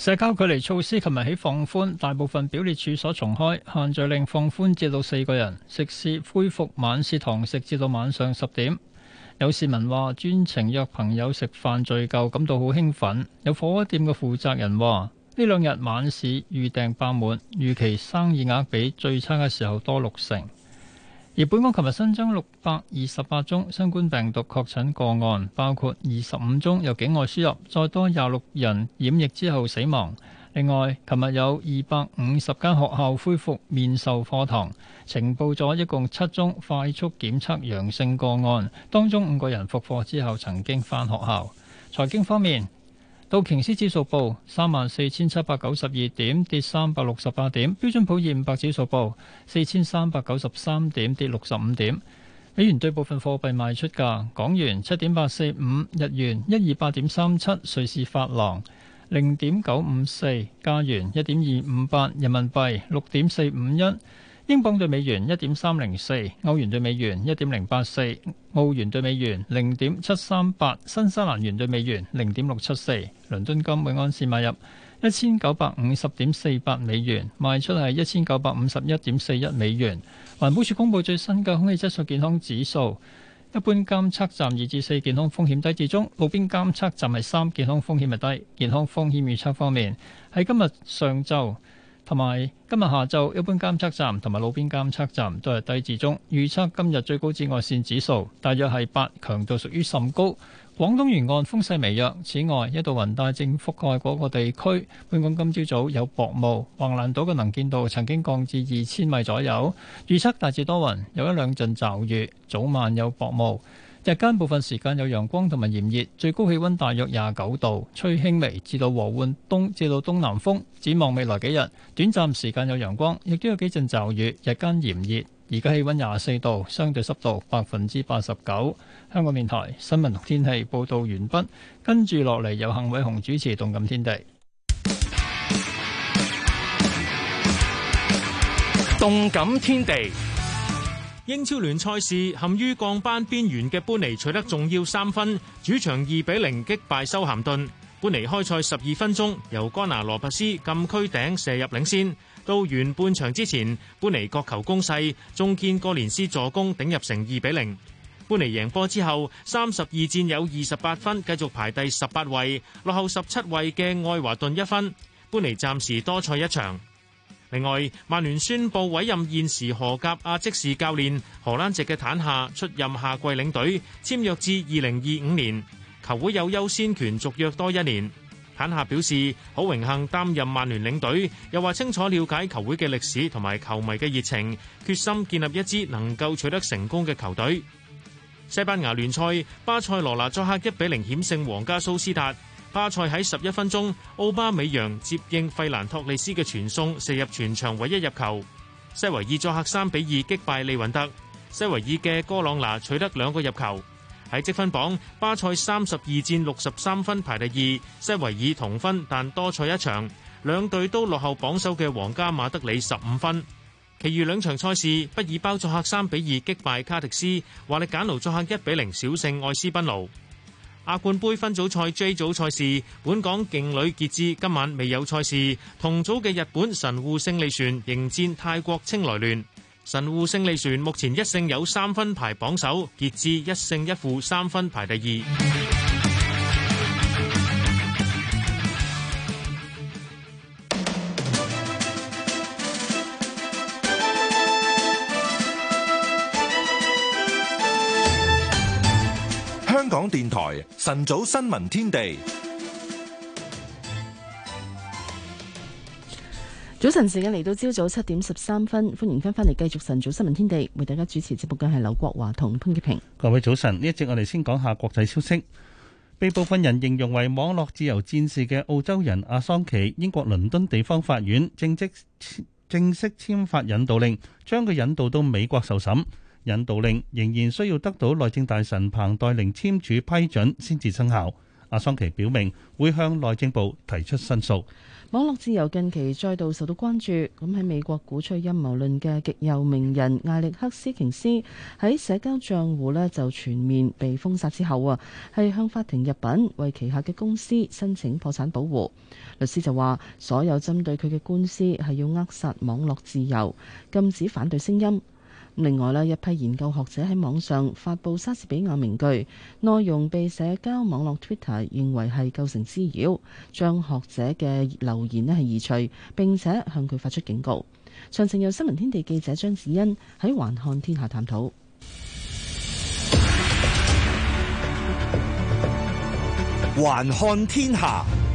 社交距離措施琴日起放寬，大部分表列處所重開，限聚令放寬至到四個人，食肆恢復晚市堂食至到晚上十點。有市民話專程約朋友食飯聚舊，感到好興奮。有火鍋店嘅負責人話：呢兩日晚市預訂爆滿，預期生意額比最差嘅時候多六成。而本港琴日新增六百二十八宗新冠病毒確診個案，包括二十五宗由境外輸入，再多廿六人染疫之後死亡。另外，琴日有二百五十間學校恢復面授課堂，呈報咗一共七宗快速檢測陽性個案，當中五個人復課之後曾經返學校。財經方面。道瓊斯指數報三萬四千七百九十二點，跌三百六十八點。標準普爾五百指數報四千三百九十三點，跌六十五點。美元兌部分貨幣賣出價：港元七點八四五，日元一二八點三七，瑞士法郎零點九五四，加元一點二五八，人民幣六點四五一。英鎊兌美元一點三零四，歐元兌美元一點零八四，澳元兌美元零點七三八，新西蘭元兌美元零點六七四。倫敦金每盎司買入一千九百五十點四八美元，賣出係一千九百五十一點四一美元。環保署公布最新嘅空氣質素健康指數，一般監測站二至四健康風險低至中，路邊監測站係三健康風險係低。健康風險預測方面，喺今日上晝。同埋今日下晝一般監測站同埋路邊監測站都係低至中。預測今日最高紫外線指數大約係八，強度屬於甚高。廣東沿岸風勢微弱，此外一道雲帶正覆蓋嗰個地區，本港今朝早有薄霧，橫瀾島嘅能見度曾經降至二千米左右。預測大致多雲，有一兩陣驟雨，早晚有薄霧。日間部分時間有陽光同埋炎熱，最高氣溫大約廿九度，吹輕微至到和緩東至到東南風。展望未來幾日，短暫時間有陽光，亦都有幾陣驟雨。日間炎熱，而家氣溫廿四度，相對濕度百分之八十九。香港電台新聞同天氣報道完畢，跟住落嚟由幸偉雄主持《動感天地》。《動感天地》英超聯賽事陷於降班邊緣嘅搬尼取得重要三分，主場二比零擊敗修咸頓。搬尼開賽十二分鐘由干拿羅伯斯禁區頂射入領先，到完半場之前，搬尼角球攻勢，中堅哥連斯助攻頂入成二比零。搬尼贏波之後，三十二戰有二十八分，繼續排第十八位，落後十七位嘅愛華頓一分。搬尼暫時多賽一場。另外，曼聯宣布委任現時荷甲阿積士教練荷蘭籍嘅坦夏出任夏季領隊，簽約至二零二五年，球會有優先權續約多一年。坦夏表示好榮幸擔任曼聯領隊，又話清楚了解球會嘅歷史同埋球迷嘅熱情，決心建立一支能夠取得成功嘅球隊。西班牙聯賽，巴塞羅那作客一比零險勝皇家蘇斯達。巴塞喺十一分鐘，奧巴美揚接應費蘭托利斯嘅傳送，射入全場唯一入球。塞維爾作客三比二擊敗利雲特。塞維爾嘅哥朗拿取得兩個入球。喺積分榜，巴塞三十二戰六十三分排第二，塞維爾同分但多賽一場，兩隊都落後榜首嘅皇家馬德里十五分。其餘兩場賽事，畢爾包作客三比二擊敗卡迪斯，華力簡奴作客一比零小勝愛斯賓奴。亞冠杯分組賽 J 組賽事，本港勁旅傑志今晚未有賽事，同組嘅日本神戶勝利船迎戰泰國清萊聯。神戶勝利船目前一勝有三分排榜首，傑志一勝一負三分排第二。港電台晨早新聞天地，早晨時間嚟到朝早七點十三分，歡迎翻翻嚟繼續晨早新聞天地，為大家主持節目嘅係劉國華同潘潔平。各位早晨，呢一節我哋先講下國際消息。被部分人形容為網絡自由戰士嘅澳洲人阿桑奇，英國倫敦地方法院正職正式簽發引渡令，將佢引渡到美國受審。引渡令仍然需要得到內政大臣彭黛玲簽署批准先至生效。阿桑奇表明會向內政部提出申訴。網絡自由近期再度受到關注。咁喺美國鼓吹陰謀論嘅極右名人艾力克斯瓊斯喺社交賬戶咧就全面被封殺之後啊，係向法庭入禀為旗下嘅公司申請破產保護。律師就話：所有針對佢嘅官司係要扼殺網絡自由，禁止反對聲音。另外咧，一批研究學者喺網上發布莎士比亞名句，內容被社交網絡 Twitter 認為係構成滋擾，將學者嘅留言咧係移除，並且向佢發出警告。詳情由新聞天地記者張子欣喺環看天下探討。環看天下。探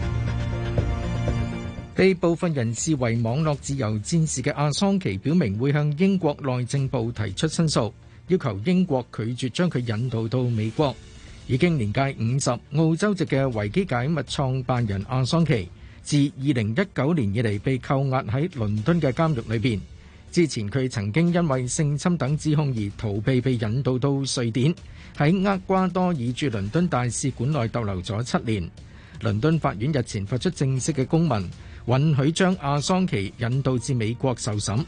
被部分人士視為網絡自由戰士嘅阿桑奇，表明會向英國內政部提出申訴，要求英國拒絕將佢引渡到美國。已經年屆五十，澳洲籍嘅維基解密創辦人阿桑奇，自二零一九年以嚟被扣押喺倫敦嘅監獄裏邊。之前佢曾經因為性侵等指控而逃避，被引渡到瑞典，喺厄瓜多爾駐倫敦大使館內逗留咗七年。倫敦法院日前發出正式嘅公文。允許將阿桑奇引渡至美國受審，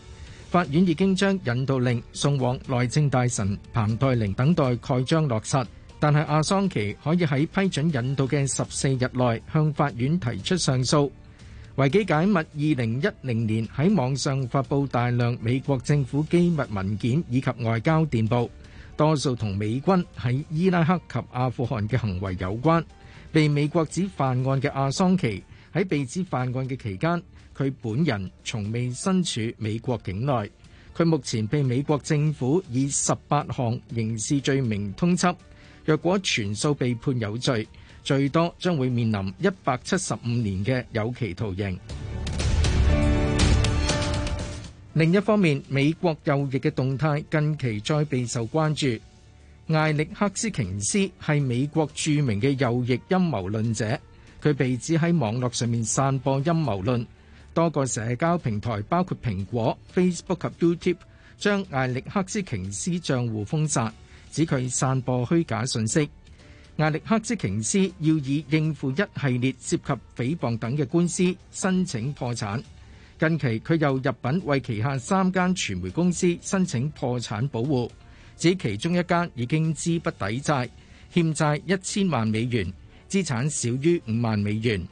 法院已經將引渡令送往內政大臣彭黛玲等待蓋章落實。但係阿桑奇可以喺批准引渡嘅十四日內向法院提出上訴。維基解密二零一零年喺網上發布大量美國政府機密文件以及外交電報，多數同美軍喺伊拉克及阿富汗嘅行為有關。被美國指犯案嘅阿桑奇。喺被指犯案嘅期間，佢本人從未身處美國境內。佢目前被美國政府以十八項刑事罪名通緝。若果全數被判有罪，最多將會面臨一百七十五年嘅有期徒刑。另一方面，美國右翼嘅動態近期再備受關注。艾力克斯瓊斯係美國著名嘅右翼陰謀論者。佢被指喺網絡上面散播陰謀論，多個社交平台包括蘋果、Facebook 及 YouTube 將艾力克斯瓊斯賬戶封殺，指佢散播虛假信息。艾力克斯瓊斯要以應付一系列涉及誹謗等嘅官司申請破產。近期佢又入稟為旗下三間傳媒公司申請破產保護，指其中一間已經資不抵債，欠債一千萬美元。資產少於五萬美元，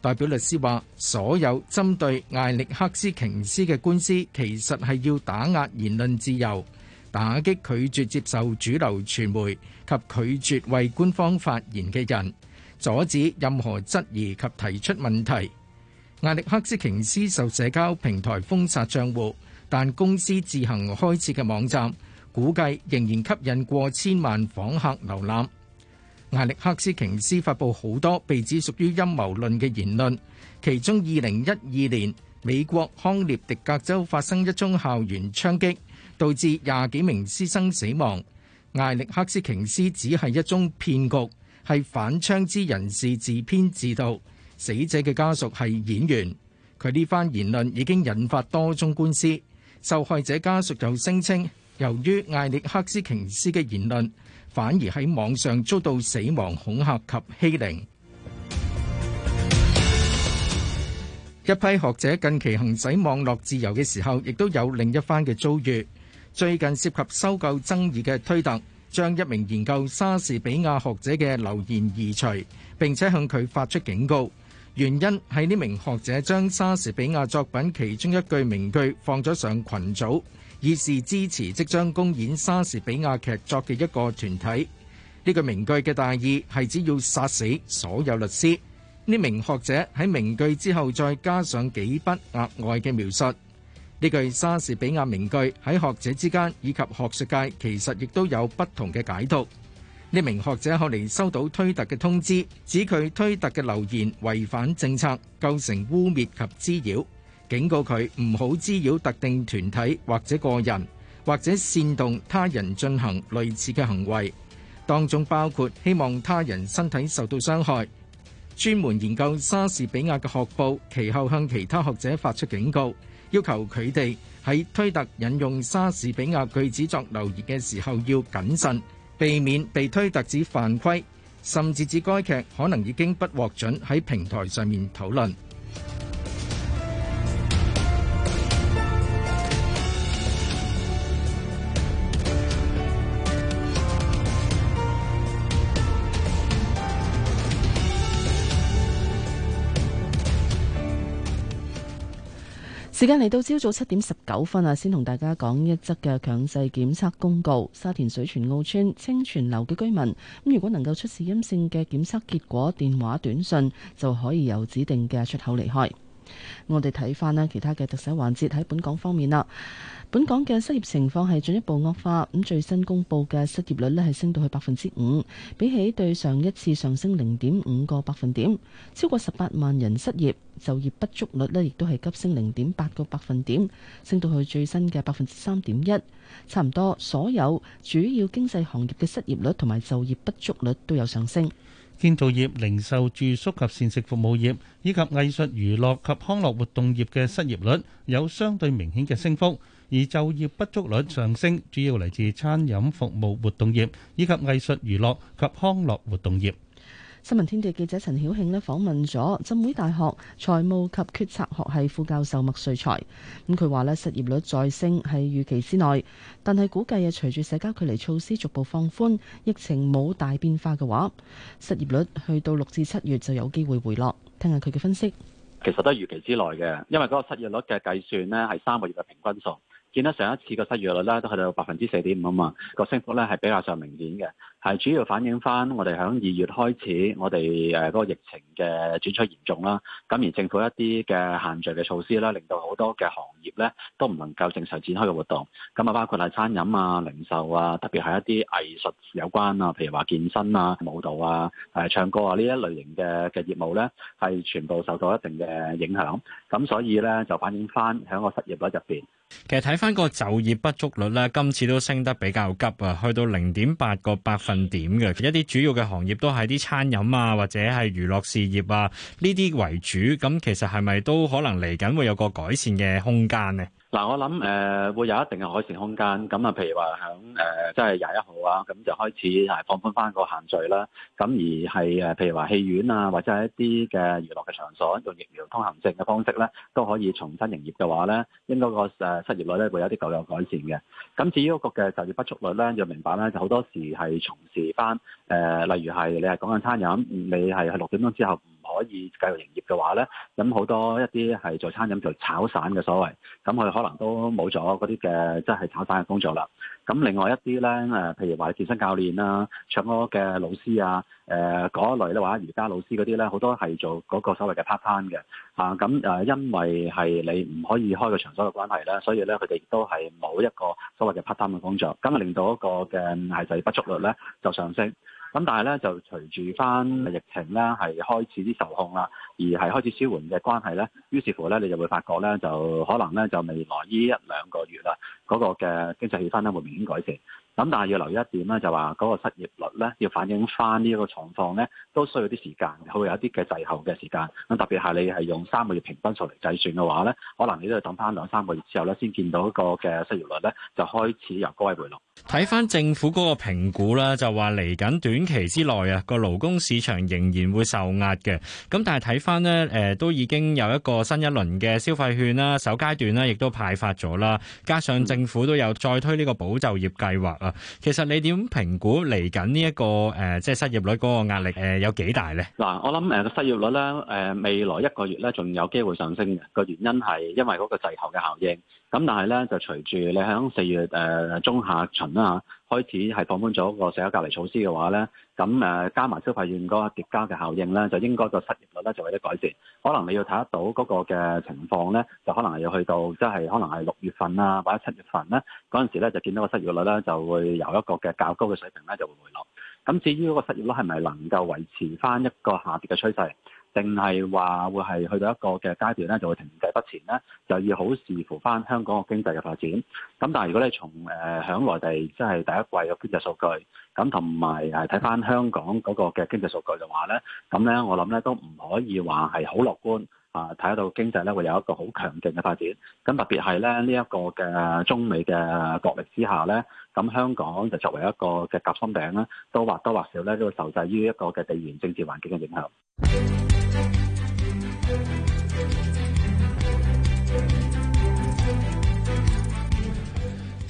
代表律師話：所有針對艾力克斯瓊斯嘅官司，其實係要打壓言論自由，打擊拒絕接受主流傳媒及拒絕為官方發言嘅人，阻止任何質疑及提出問題。艾力克斯瓊斯受社交平台封殺帳戶，但公司自行開設嘅網站，估計仍然吸引過千萬訪客瀏覽。艾力克斯瓊斯發布好多被指屬於陰謀論嘅言論，其中二零一二年美國康涅狄格州發生一宗校園槍擊，導致廿幾名師生死亡。艾力克斯瓊斯只係一宗騙局，係反槍支人士自編自導，死者嘅家屬係演員。佢呢番言論已經引發多宗官司，受害者家屬就聲稱，由於艾力克斯瓊斯嘅言論。反而喺網上遭到死亡恐嚇及欺凌。一批學者近期行使網絡自由嘅時候，亦都有另一番嘅遭遇。最近涉及收購爭議嘅推特，將一名研究莎士比亞學者嘅留言移除，並且向佢發出警告。原因係呢名學者將莎士比亞作品其中一句名句放咗上群組。以示支持即將公演莎士比亞劇作嘅一個團體。呢句名句嘅大意係指要殺死所有律師。呢名學者喺名句之後再加上幾筆額外嘅描述。呢句莎士比亞名句喺學者之間以及學術界其實亦都有不同嘅解讀。呢名學者後嚟收到推特嘅通知，指佢推特嘅留言違反政策，構成污蔑及滋擾。警告佢唔好滋擾特定團體或者個人，或者煽動他人進行類似嘅行為，當中包括希望他人身體受到傷害。專門研究莎士比亞嘅學報，其後向其他學者發出警告，要求佢哋喺推特引用莎士比亞句子作留言嘅時候要謹慎，避免被推特指犯規，甚至指該劇可能已經不獲准喺平台上面討論。時間嚟到朝早七點十九分啊，先同大家講一則嘅強制檢測公告。沙田水泉澳村清泉樓嘅居民，咁如果能夠出示陰性嘅檢測結果，電話短信就可以由指定嘅出口離開。我哋睇翻呢其他嘅特寫環節，喺本港方面啦。本港嘅失業情況係進一步惡化，咁最新公布嘅失業率咧係升到去百分之五，比起對上一次上升零點五個百分點，超過十八萬人失業，就業不足率咧亦都係急升零點八個百分點，升到去最新嘅百分之三點一。差唔多所有主要經濟行業嘅失業率同埋就業不足率都有上升，建造業、零售、住宿及膳食服務業以及藝術、娛樂及康樂活動業嘅失業率有相對明顯嘅升幅。而就業不足率上升，主要嚟自餐飲服務活動業以及藝術娛樂及康樂活動業。新聞天地記者陳曉慶呢，訪問咗浸會大學財務及決策學系副教授麥瑞才，咁佢話呢，失業率再升係預期之內，但係估計係隨住社交距離措施逐步放寬，疫情冇大變化嘅話，失業率去到六至七月就有機會回落。聽下佢嘅分析。其實都係預期之內嘅，因為嗰個失業率嘅計算呢，係三個月嘅平均數。見到上一次嘅失業率咧，都去到百分之四點五啊嘛，個升幅咧係比較上明顯嘅，係主要反映翻我哋響二月開始，我哋誒嗰個疫情嘅轉趨嚴重啦。咁而政府一啲嘅限聚嘅措施啦，令到好多嘅行業咧都唔能夠正常展開嘅活動。咁啊，包括係餐飲啊、零售啊，特別係一啲藝術有關啊，譬如話健身啊、舞蹈啊、誒唱歌啊呢一類型嘅嘅業務咧，係全部受到一定嘅影響。咁所以咧就反映翻喺個失業率入邊。其實睇翻個就業不足率咧，今次都升得比較急啊，去到零點八個百分點嘅。其實一啲主要嘅行業都係啲餐飲啊，或者係娛樂事業啊呢啲為主。咁其實係咪都可能嚟緊會有個改善嘅空間呢？嗱，我諗誒、呃、會有一定嘅改善空間，咁、呃、啊，譬如話響誒即係廿一號啊，咁就開始係放寬翻個限聚啦。咁、啊、而係誒譬如話戲院啊，或者係一啲嘅娛樂嘅場所用疫苗通行證嘅方式咧，都可以重新營業嘅話咧，應該嗰個誒失業率咧會有啲夠有改善嘅。咁至於嗰個嘅就業不足率咧，就明白咧，就好多時係從事翻誒、呃，例如係你係講緊餐飲，你係去六點鐘之後。可以繼續營業嘅話咧，咁好多一啲係做餐飲做炒散嘅所謂，咁佢可能都冇咗嗰啲嘅即係炒散嘅工作啦。咁另外一啲咧誒，譬如話健身教練啊、唱歌嘅老師啊、誒、呃、嗰一類咧，或者而家老師嗰啲咧，好多係做嗰個所謂嘅 part time 嘅啊。咁、啊、誒，因為係你唔可以開個場所嘅關係咧，所以咧佢哋亦都係冇一個所謂嘅 part time 嘅工作，咁啊令到一個嘅人手不足率咧就上升。咁但係咧，就隨住翻疫情咧係開始啲受控啦，而係開始舒緩嘅關係咧，於是乎咧，你就會發覺咧，就可能咧，就未來呢一兩個月啦，嗰、那個嘅經濟氣氛咧會明顯改善。咁但係要留意一點咧，就話嗰個失業率咧，要反映翻呢一個狀況咧，都需要啲時間，佢會有一啲嘅滯後嘅時間。咁特別係你係用三個月平均數嚟計算嘅話咧，可能你都要等翻兩三個月之後咧，先見到一個嘅失業率咧就開始由高位回落。睇翻政府嗰個評估啦，就話嚟緊短期之內啊，個勞工市場仍然會受壓嘅。咁但係睇翻呢，誒、呃、都已經有一個新一輪嘅消費券啦，首階段呢亦都派發咗啦。加上政府都有再推呢個保就業計劃啊。其實你點評估嚟緊呢一個誒、呃，即係失業率嗰個壓力誒有幾大呢？嗱，我諗誒個失業率咧，誒、呃、未來一個月咧仲有機會上升嘅。個原因係因為嗰個滯後嘅效應。咁但係咧，就隨住你喺四月誒、呃、中下旬啦嚇，開始係放寬咗個社交隔離措施嘅話咧，咁誒加埋消費券嗰個疊加嘅效應咧，就應該個失業率咧就會有啲改善。可能你要睇得到嗰個嘅情況咧，就可能係要去到即係、就是、可能係六月份啊，或者七月份咧，嗰陣時咧就見到個失業率咧就會由一個嘅較高嘅水平咧就會回落。咁至於嗰個失業率係咪能夠維持翻一個下跌嘅趨勢？定係話會係去到一個嘅階段咧，就會停滯不前咧，就要好視乎翻香港個經濟嘅發展。咁但係，如果你從誒響、呃、內地即係第一季嘅經濟數據咁，同埋係睇翻香港嗰個嘅經濟數據嘅話咧，咁咧我諗咧都唔可以話係好樂觀啊！睇到經濟咧會有一個好強勁嘅發展。咁特別係咧呢一、這個嘅中美嘅角力之下咧，咁香港就作為一個嘅夾心餅咧，都或多或少咧都會受制於一個嘅地緣政治環境嘅影響。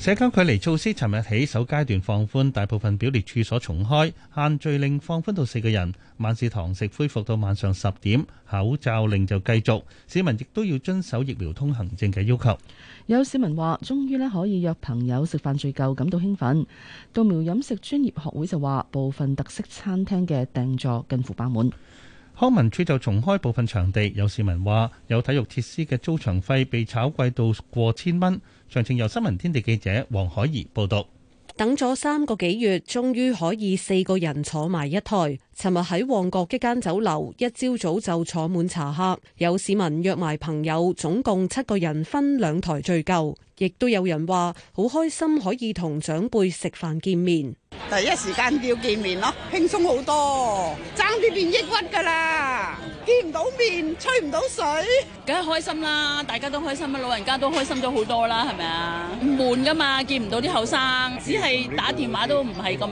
社交距離措施，尋日起首階段放寬，大部分表列處所重開，限聚令放寬到四個人，晚市堂食恢復到晚上十點，口罩令就繼續，市民亦都要遵守疫苗通行證嘅要求。有市民話：終於咧可以約朋友食飯聚舊，感到興奮。稻苗飲食專業學會就話：部分特色餐廳嘅訂座近乎爆滿。康文署就重開部分場地，有市民話：有體育設施嘅租場費被炒貴到過千蚊。詳情由新聞天地記者黃海怡報道。等咗三個幾月，終於可以四個人坐埋一枱。尋日喺旺角一間酒樓，一朝早就坐滿茶客，有市民約埋朋友，總共七個人分兩台聚舊，亦都有人話好開心可以同長輩食飯見面。第一時間要見面咯，輕鬆好多，爭啲變抑鬱噶啦，見唔到面，吹唔到水，梗係開心啦，大家都開心，老人家都開心咗好多啦，係咪啊？悶噶嘛，見唔到啲後生，只係打電話都唔係咁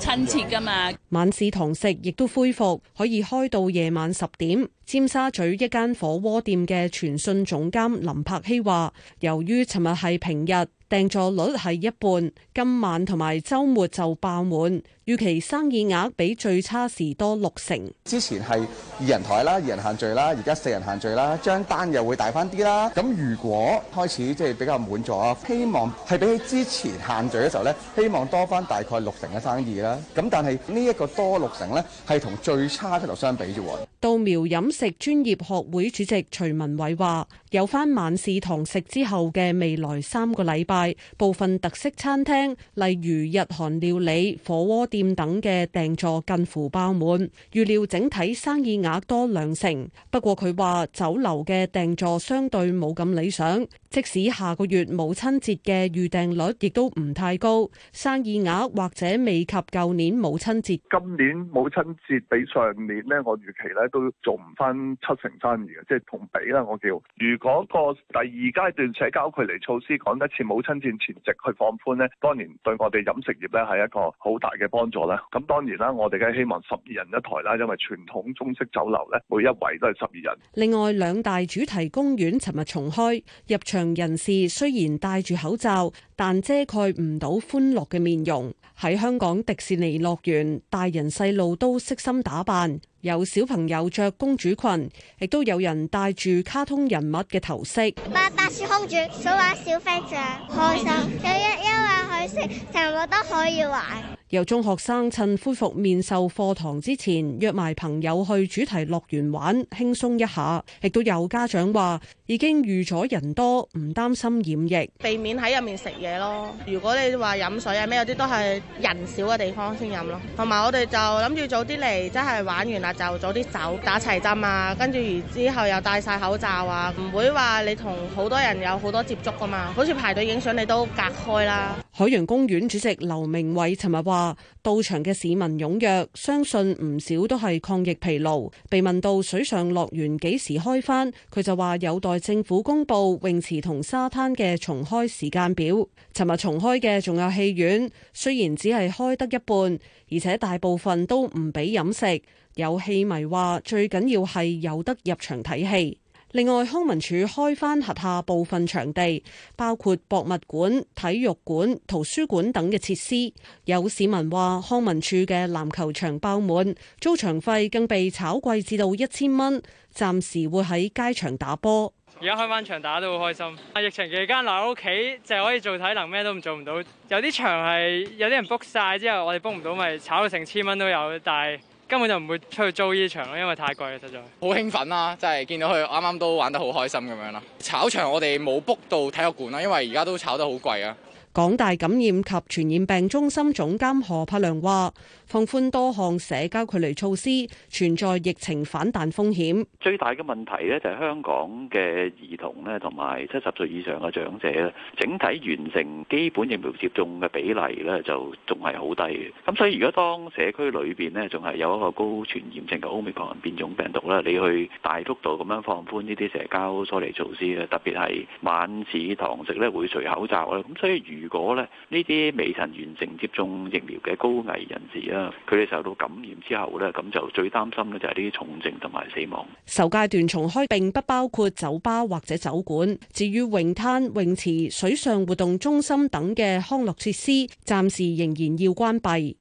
親切噶嘛。晚市堂食，亦都恢復，可以開到夜晚十點。尖沙咀一間火鍋店嘅傳訊總監林柏希話，由於尋日係平日，訂座率係一半，今晚同埋週末就爆滿。預期生意額比最差時多六成。之前係二人枱啦、二人限聚啦，而家四人限聚啦，張單又會大翻啲啦。咁如果開始即係比較滿座啊，希望係比起之前限聚嘅時候呢，希望多翻大概六成嘅生意啦。咁但係呢一個多六成呢，係同最差嘅度相比啫。稻苗飲食專業學會主席徐文偉話：有翻晚市堂食之後嘅未來三個禮拜，部分特色餐廳例如日韓料理、火鍋店。店等嘅訂座近乎爆滿，預料整體生意額多兩成。不過佢話酒樓嘅訂座相對冇咁理想，即使下個月母親節嘅預訂率亦都唔太高，生意額或者未及舊年母親節。今年母親節比上年咧，我預期咧都做唔翻七成生意嘅，即係同比啦。我叫如果個第二階段社交距離措施趕得切母親節前夕去放寬咧，當然對我哋飲食業咧係一個好大嘅幫咗啦，咁當然啦，我哋嘅希望十二人一台啦，因為傳統中式酒樓呢，每一圍都係十二人。另外，兩大主題公園尋日重開，入場人士雖然戴住口罩，但遮蓋唔到歡樂嘅面容。喺香港迪士尼樂園，大人細路都悉心打扮，有小朋友着公主裙，亦都有人戴住卡通人物嘅頭飾。爸爸是孔雀，數下小飛象，開心有一休啊！全部都可以玩。由中學生趁恢復面授課堂之前，約埋朋友去主題樂園玩，輕鬆一下。亦都有家長話，已經預咗人多，唔擔心染疫。避免喺入面食嘢咯。如果你話飲水啊咩，有啲都係人少嘅地方先飲咯。同埋我哋就諗住早啲嚟，真係玩完啦就早啲走，打齊針啊，跟住之後又戴晒口罩啊，唔會話你同好多人有好多接觸㗎嘛。好似排隊影相，你都隔開啦。海 公園主席劉明偉尋日話：到場嘅市民踊躍，相信唔少都係抗疫疲勞。被問到水上樂園幾時開返，佢就話有待政府公布泳池同沙灘嘅重開時間表。尋日重開嘅仲有戲院，雖然只係開得一半，而且大部分都唔俾飲食。有戲迷話最緊要係有得入場睇戲。另外康文署開翻轄下部分場地，包括博物館、體育館、圖書館等嘅設施。有市民話康文署嘅籃球場爆滿，租場費更被炒貴至到一千蚊。暫時會喺街場打波，而家開翻場打都好開心。啊，疫情期間留喺屋企就係可以做體能，咩都唔做唔到。有啲場係有啲人 book 晒之後，我哋 book 唔到咪炒到成千蚊都有，但係，根本就唔會出去租呢場咯，因為太貴啦，實在。好興奮啦，即係見到佢啱啱都玩得好開心咁樣啦。炒場我哋冇 book 到體育館啦，因為而家都炒得好貴啊。港大感染及傳染病中心總監何柏良話。放寬多項社交距離措施，存在疫情反彈風險。最大嘅問題呢，就係香港嘅兒童呢，同埋七十歲以上嘅長者呢，整體完成基本疫苗接種嘅比例呢，就仲係好低嘅。咁所以如果當社區裏邊呢，仲係有一個高傳染性嘅奧密克戎變種病毒啦，你去大幅度咁樣放寬呢啲社交疏離措施咧，特別係晚市堂食咧會除口罩啦。咁所以如果呢呢啲未曾完成接種疫苗嘅高危人士咧，佢哋受到感染之後呢，咁就最擔心呢就係啲重症同埋死亡。首階段重開並不包括酒吧或者酒館，至於泳灘、泳池、水上活動中心等嘅康樂設施，暫時仍然要關閉。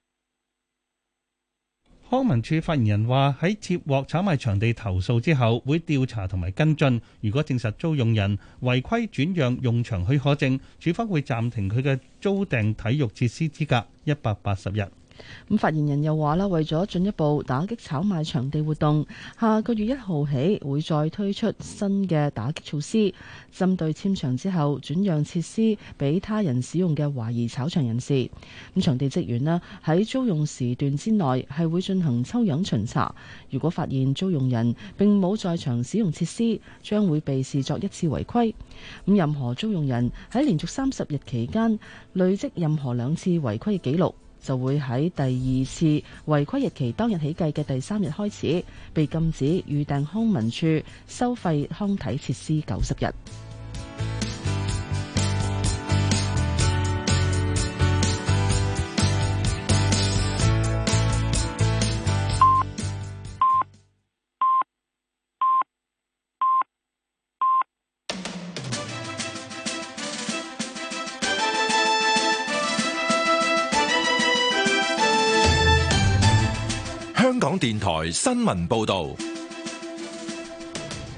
康文署發言人話：喺接獲炒賣場地投訴之後，會調查同埋跟進。如果證實租用人違規轉讓用場許可證，署方會暫停佢嘅租訂體育設施資格一百八十日。咁，發言人又話啦，為咗進一步打擊炒賣場地活動，下個月一號起會再推出新嘅打擊措施，針對簽場之後轉讓設施俾他人使用嘅懷疑炒場人士。咁，場地職員呢，喺租用時段之內係會進行抽樣巡查。如果發現租用人並冇在場使用設施，將會被視作一次違規。咁，任何租用人喺連續三十日期間累積任何兩次違規記錄，就會喺第二次違規日期當日起計嘅第三日開始，被禁止預訂康文處收費康體設施九十日。香港電台新聞報道：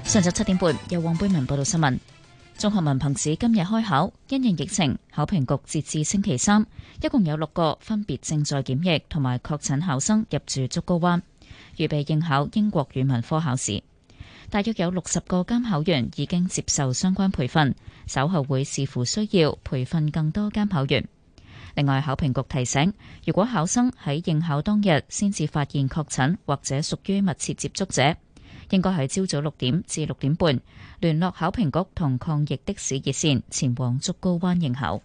上晝七點半，有黃貝文報道新聞。中學文憑試今日開考，因應疫情，考評局截至星期三，一共有六個分別正在檢疫同埋確診考生入住竹篙灣，預備應考英國語文科考試。大約有六十個監考員已經接受相關培訓，稍後會視乎需要培訓更多監考員。另外，考評局提醒，如果考生喺應考當日先至發現確診或者屬於密切接觸者，應該喺朝早六點至六點半聯絡考評局同抗疫的士熱線，前往竹篙灣應考。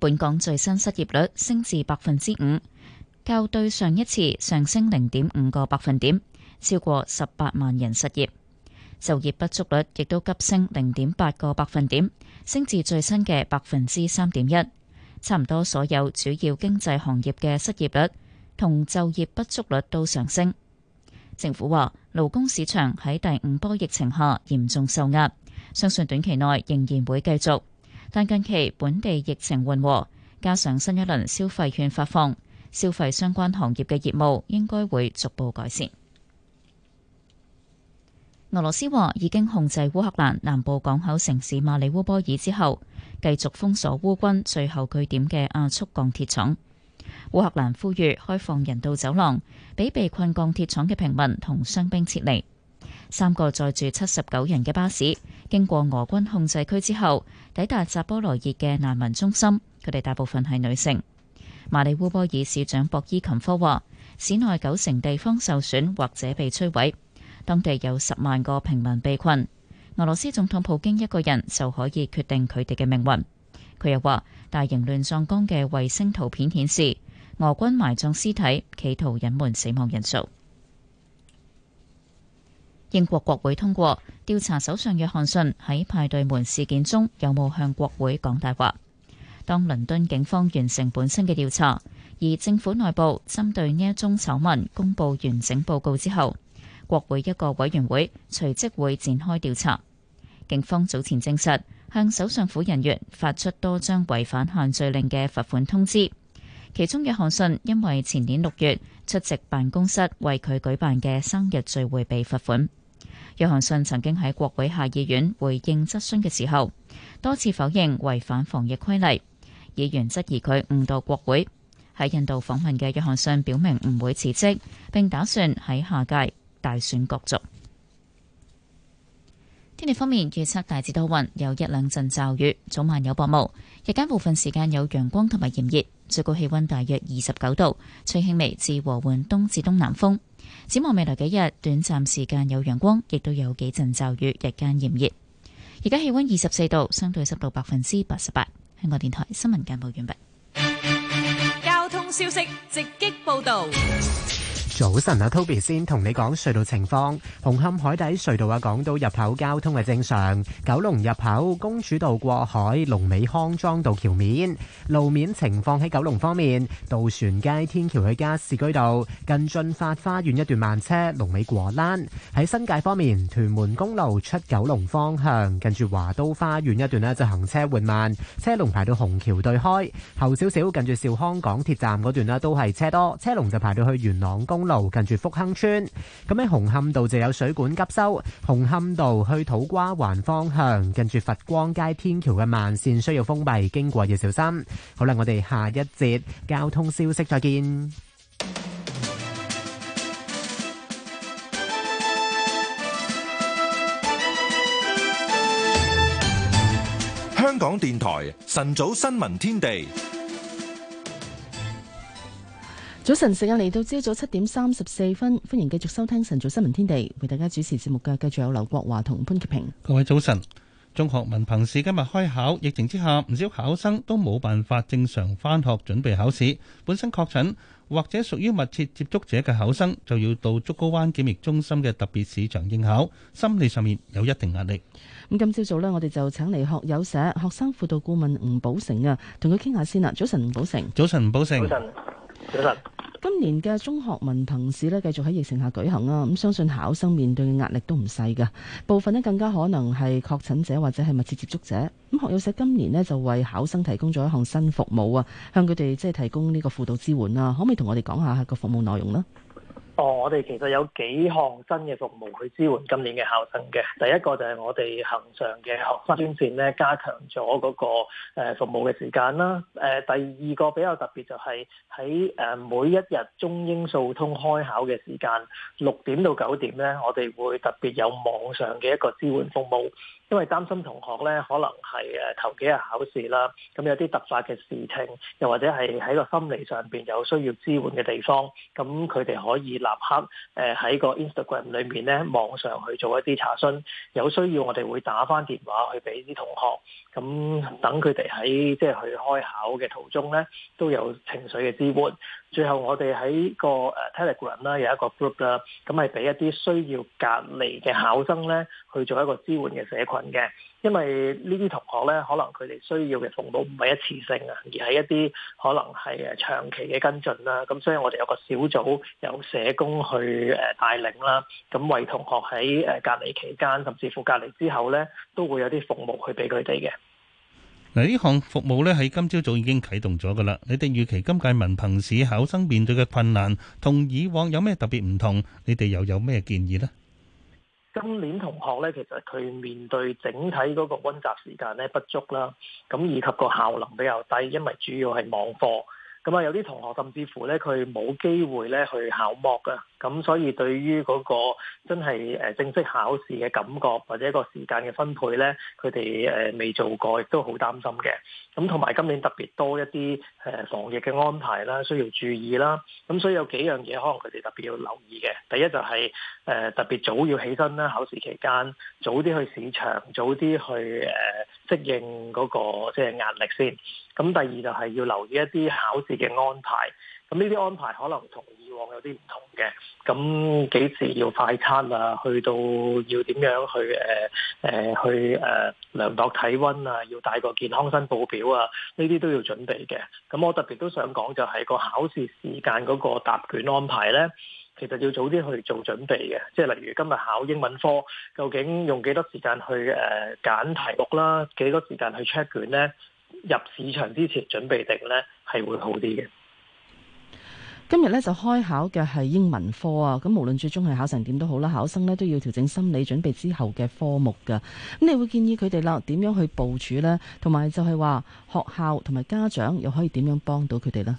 本港最新失業率升至百分之五，較對上一次上升零點五個百分點，超過十八萬人失業。就業不足率亦都急升零點八個百分點，升至最新嘅百分之三點一。差唔多所有主要經濟行業嘅失業率同就業不足率都上升。政府話勞工市場喺第五波疫情下嚴重受壓，相信短期內仍然會繼續。但近期本地疫情緩和，加上新一輪消費券發放，消費相關行業嘅業務應該會逐步改善。俄羅斯話已經控制烏克蘭南部港口城市馬里烏波爾之後，繼續封鎖烏軍最後據點嘅阿速鋼鐵廠。烏克蘭呼籲開放人道走廊，俾被,被困鋼鐵廠嘅平民同傷兵撤離。三個載住七十九人嘅巴士，經過俄軍控制區之後，抵達扎波羅熱嘅難民中心。佢哋大部分係女性。馬里烏波爾市長博伊琴科話，市內九成地方受損或者被摧毀。當地有十萬個平民被困，俄羅斯總統普京一個人就可以決定佢哋嘅命運。佢又話：大型亂葬崗嘅衛星圖片顯示俄軍埋葬屍體，企圖隱瞞死亡人數。英國國會通過調查首相約翰遜喺派對門事件中有冇向國會講大話。當倫敦警方完成本身嘅調查，而政府內部針對呢一宗醜聞公佈完整報告之後。國會一個委員會隨即會展開調查。警方早前證實向首相府人員發出多張違反限聚令嘅罰款通知，其中約翰遜因為前年六月出席辦公室為佢舉辦嘅生日聚會被罰款。約翰遜曾經喺國會下議院回應質詢嘅時候，多次否認違反防疫規例。議員質疑佢誤導國會。喺印度訪問嘅約翰遜表明唔會辭職，並打算喺下屆。大選角逐。天氣方面預測大致多雲，有一兩陣驟雨，早晚有薄霧，日間部分時間有陽光同埋炎熱，最高氣温大約二十九度，吹輕微至和緩東至東南風。展望未來幾日，短暫時間有陽光，亦都有幾陣驟雨，日間炎熱。而家氣温二十四度，相對濕度百分之八十八。香港電台新聞簡報完畢。交通消息直擊報道。早晨啊，Toby 先同你講隧道情況。紅磡海底隧道啊，港島入口交通係正常。九龍入口，公主道過海，龍尾康莊道橋面路面情況喺九龍方面，渡船街天橋去加士居道，近駿發花園一段慢車，龍尾果欄。喺新界方面，屯門公路出九龍方向，近住華都花園一段咧就行車緩慢，車龍排到紅橋對開，後少少近住兆康港鐵站嗰段咧都係車多，車龍就排到去元朗公路近住福亨村。咁喺紅磡道就有水管急修。紅磡道去土瓜灣方向，近住佛光街天橋嘅慢線需要封閉，經過要小心。好啦，我哋下一節交通消息再見。香港電台晨早新聞天地。早晨，時間嚟到，朝早七點三十四分，歡迎繼續收聽晨早新聞天地，為大家主持節目嘅繼續有劉國華同潘潔平。各位早晨，中學文憑試今日開考，疫情之下唔少考生都冇辦法正常翻學準備考試，本身確診或者屬於密切接觸者嘅考生就要到竹篙灣檢疫中心嘅特別市場應考，心理上面有一定壓力。咁今朝早呢，我哋就請嚟學友社學生輔導顧問吳寶成啊，同佢傾下先啦。早晨，吳寶成。早晨，吳寶成。今年嘅中學文憑試呢，繼續喺疫情下舉行啊，咁、嗯、相信考生面對嘅壓力都唔細㗎，部分呢更加可能係確診者或者係密切接觸者。咁、嗯、學友社今年呢就為考生提供咗一項新服務啊，向佢哋即係提供呢個輔導支援啊，可唔可以同我哋講下個服務內容呢？哦，我哋其實有幾項新嘅服務去支援今年嘅考生嘅。第一個就係我哋恒常嘅學生專線咧，加強咗嗰個服務嘅時間啦。誒、呃，第二個比較特別就係喺誒每一日中英數通開考嘅時間，六點到九點咧，我哋會特別有網上嘅一個支援服務。因為擔心同學咧，可能係誒頭幾日考試啦，咁有啲突發嘅事情，又或者係喺個心理上邊有需要支援嘅地方，咁佢哋可以立刻誒喺個 Instagram 裏面咧，網上去做一啲查詢，有需要我哋會打返電話去俾啲同學。咁等佢哋喺即係去開考嘅途中咧，都有情緒嘅支援。最後我哋喺個誒 Telegram 啦，有一個 group 啦，咁係俾一啲需要隔離嘅考生咧，去做一個支援嘅社群嘅。因為呢啲同學咧，可能佢哋需要嘅服務唔係一次性啊，而係一啲可能係誒長期嘅跟進啦。咁所以我哋有個小組有社工去誒帶領啦，咁為同學喺誒隔離期間，甚至乎隔離之後咧，都會有啲服務去俾佢哋嘅。嗱，呢項服務呢喺今朝早已經啟動咗噶啦。你哋預期今屆文憑試考生面對嘅困難同以往有咩特別唔同？你哋又有咩建議呢？今年同學呢，其實佢面對整體嗰個温習時間呢，不足啦，咁以及個效能比較低，因為主要係網課。咁啊，有啲同學甚至乎咧，佢冇機會咧去考模噶，咁所以對於嗰個真係誒正式考試嘅感覺或者一個時間嘅分配咧，佢哋誒未做過，亦都好擔心嘅。咁同埋今年特別多一啲誒防疫嘅安排啦，需要注意啦。咁所以有幾樣嘢可能佢哋特別要留意嘅，第一就係、是、誒、呃、特別早要起身啦，考試期間早啲去市場，早啲去誒。呃適應嗰個即係壓力先。咁第二就係要留意一啲考試嘅安排。咁呢啲安排可能同以往有啲唔同嘅。咁幾時要快餐啊？去到要點樣去誒誒、呃呃、去誒、呃、量度體温啊？要帶個健康申報表啊？呢啲都要準備嘅。咁我、啊呃呃啊啊、特別都想講就係個考試時間嗰個答卷安排咧。其實要早啲去做準備嘅，即係例如今日考英文科，究竟用幾多時間去誒揀、呃、題目啦，幾多時間去 check 卷呢？入市場之前準備定呢，係會好啲嘅。今日呢就開考嘅係英文科啊！咁無論最終係考成點都好啦，考生呢都要調整心理準備之後嘅科目噶。咁你會建議佢哋啦，點樣去部署呢？同埋就係話學校同埋家長又可以點樣幫到佢哋呢？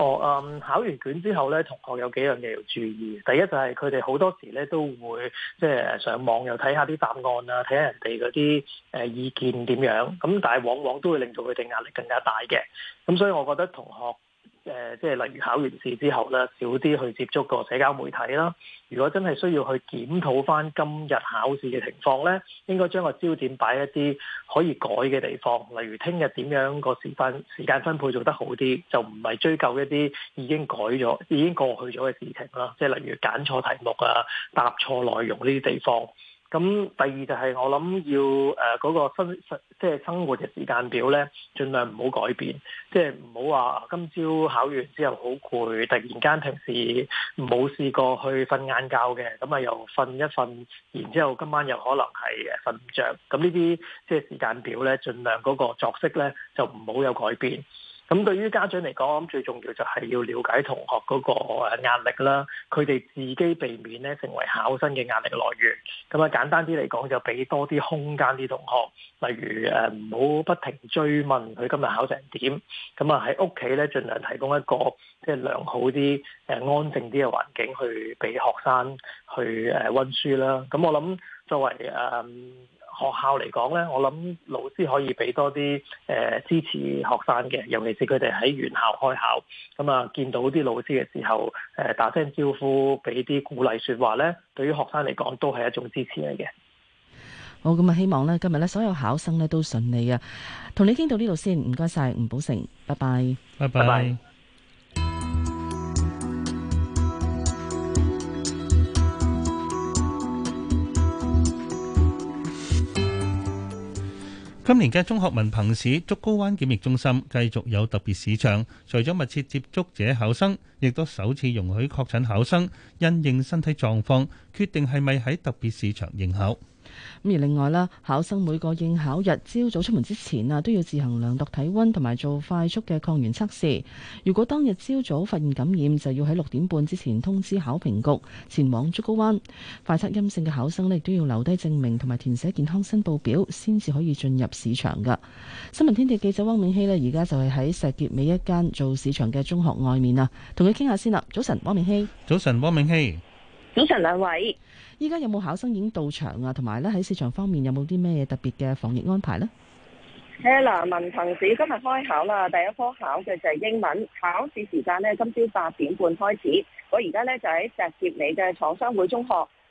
哦，嗯，考完卷之後咧，同學有幾樣嘢要注意。第一就係佢哋好多時咧都會即係上網又睇下啲答案啦，睇下人哋嗰啲誒意見點樣。咁但係往往都會令到佢哋壓力更加大嘅。咁所以我覺得同學。誒、呃，即係例如考完試之後咧，少啲去接觸個社交媒體啦。如果真係需要去檢討翻今日考試嘅情況咧，應該將個焦點擺一啲可以改嘅地方，例如聽日點樣個時間時間分配做得好啲，就唔係追究一啲已經改咗、已經過去咗嘅事情啦。即係例如揀錯題目啊、答錯內容呢啲地方。咁第二就係我諗要誒嗰個生即係、就是、生活嘅時間表咧，盡量唔好改變，即係唔好話今朝考完之後好攰，突然間平時冇試過去瞓晏覺嘅，咁啊又瞓一瞓，然之後今晚又可能係誒瞓唔着。咁呢啲即係時間表咧，盡量嗰個作息咧就唔好有改變。咁對於家長嚟講，我諗最重要就係要了解同學嗰個誒壓力啦，佢哋自己避免咧成為考生嘅壓力來源。咁啊簡單啲嚟講，就俾多啲空間，啲同學，例如誒唔好不停追問佢今日考成點。咁啊喺屋企咧，儘量提供一個即係良好啲、誒、呃、安靜啲嘅環境去俾學生去誒温、呃、書啦。咁我諗作為誒。呃學校嚟講呢，我諗老師可以俾多啲誒支持學生嘅，尤其是佢哋喺原校開考，咁啊見到啲老師嘅時候，誒，打聲招呼，俾啲鼓勵說話呢，對於學生嚟講都係一種支持嚟嘅。好，咁啊希望呢，今日呢，所有考生呢都順利啊！同你傾到呢度先，唔該晒，吳寶成，拜拜，拜拜。拜拜，拜拜。今年嘅中學文憑試，竹篙灣檢疫中心繼續有特別市場，除咗密切接觸者考生，亦都首次容許確診考生因應身體狀況，決定係咪喺特別市場應考。咁而另外咧，考生每個應考日朝早出門之前啊，都要自行量度體温同埋做快速嘅抗原測試。如果當日朝早發現感染，就要喺六點半之前通知考評局前往竹篙灣。快測陰性嘅考生咧，都要留低證明同埋填寫健康申報表，先至可以進入市場噶。新聞天地記者汪明熙咧，而家就係喺石硖尾一間做市場嘅中學外面啊，同佢傾下先啦。早晨，汪明熙。早晨，汪明熙。早晨，兩位，依家，有冇考生已經到場啊？同埋咧，喺市場方面有冇啲咩特別嘅防疫安排呢？Hello，文憑試今日開考啦，第一科考嘅就係英文，考試時間呢，今朝八點半開始。我而家呢就喺石硤尾嘅廠商會中學，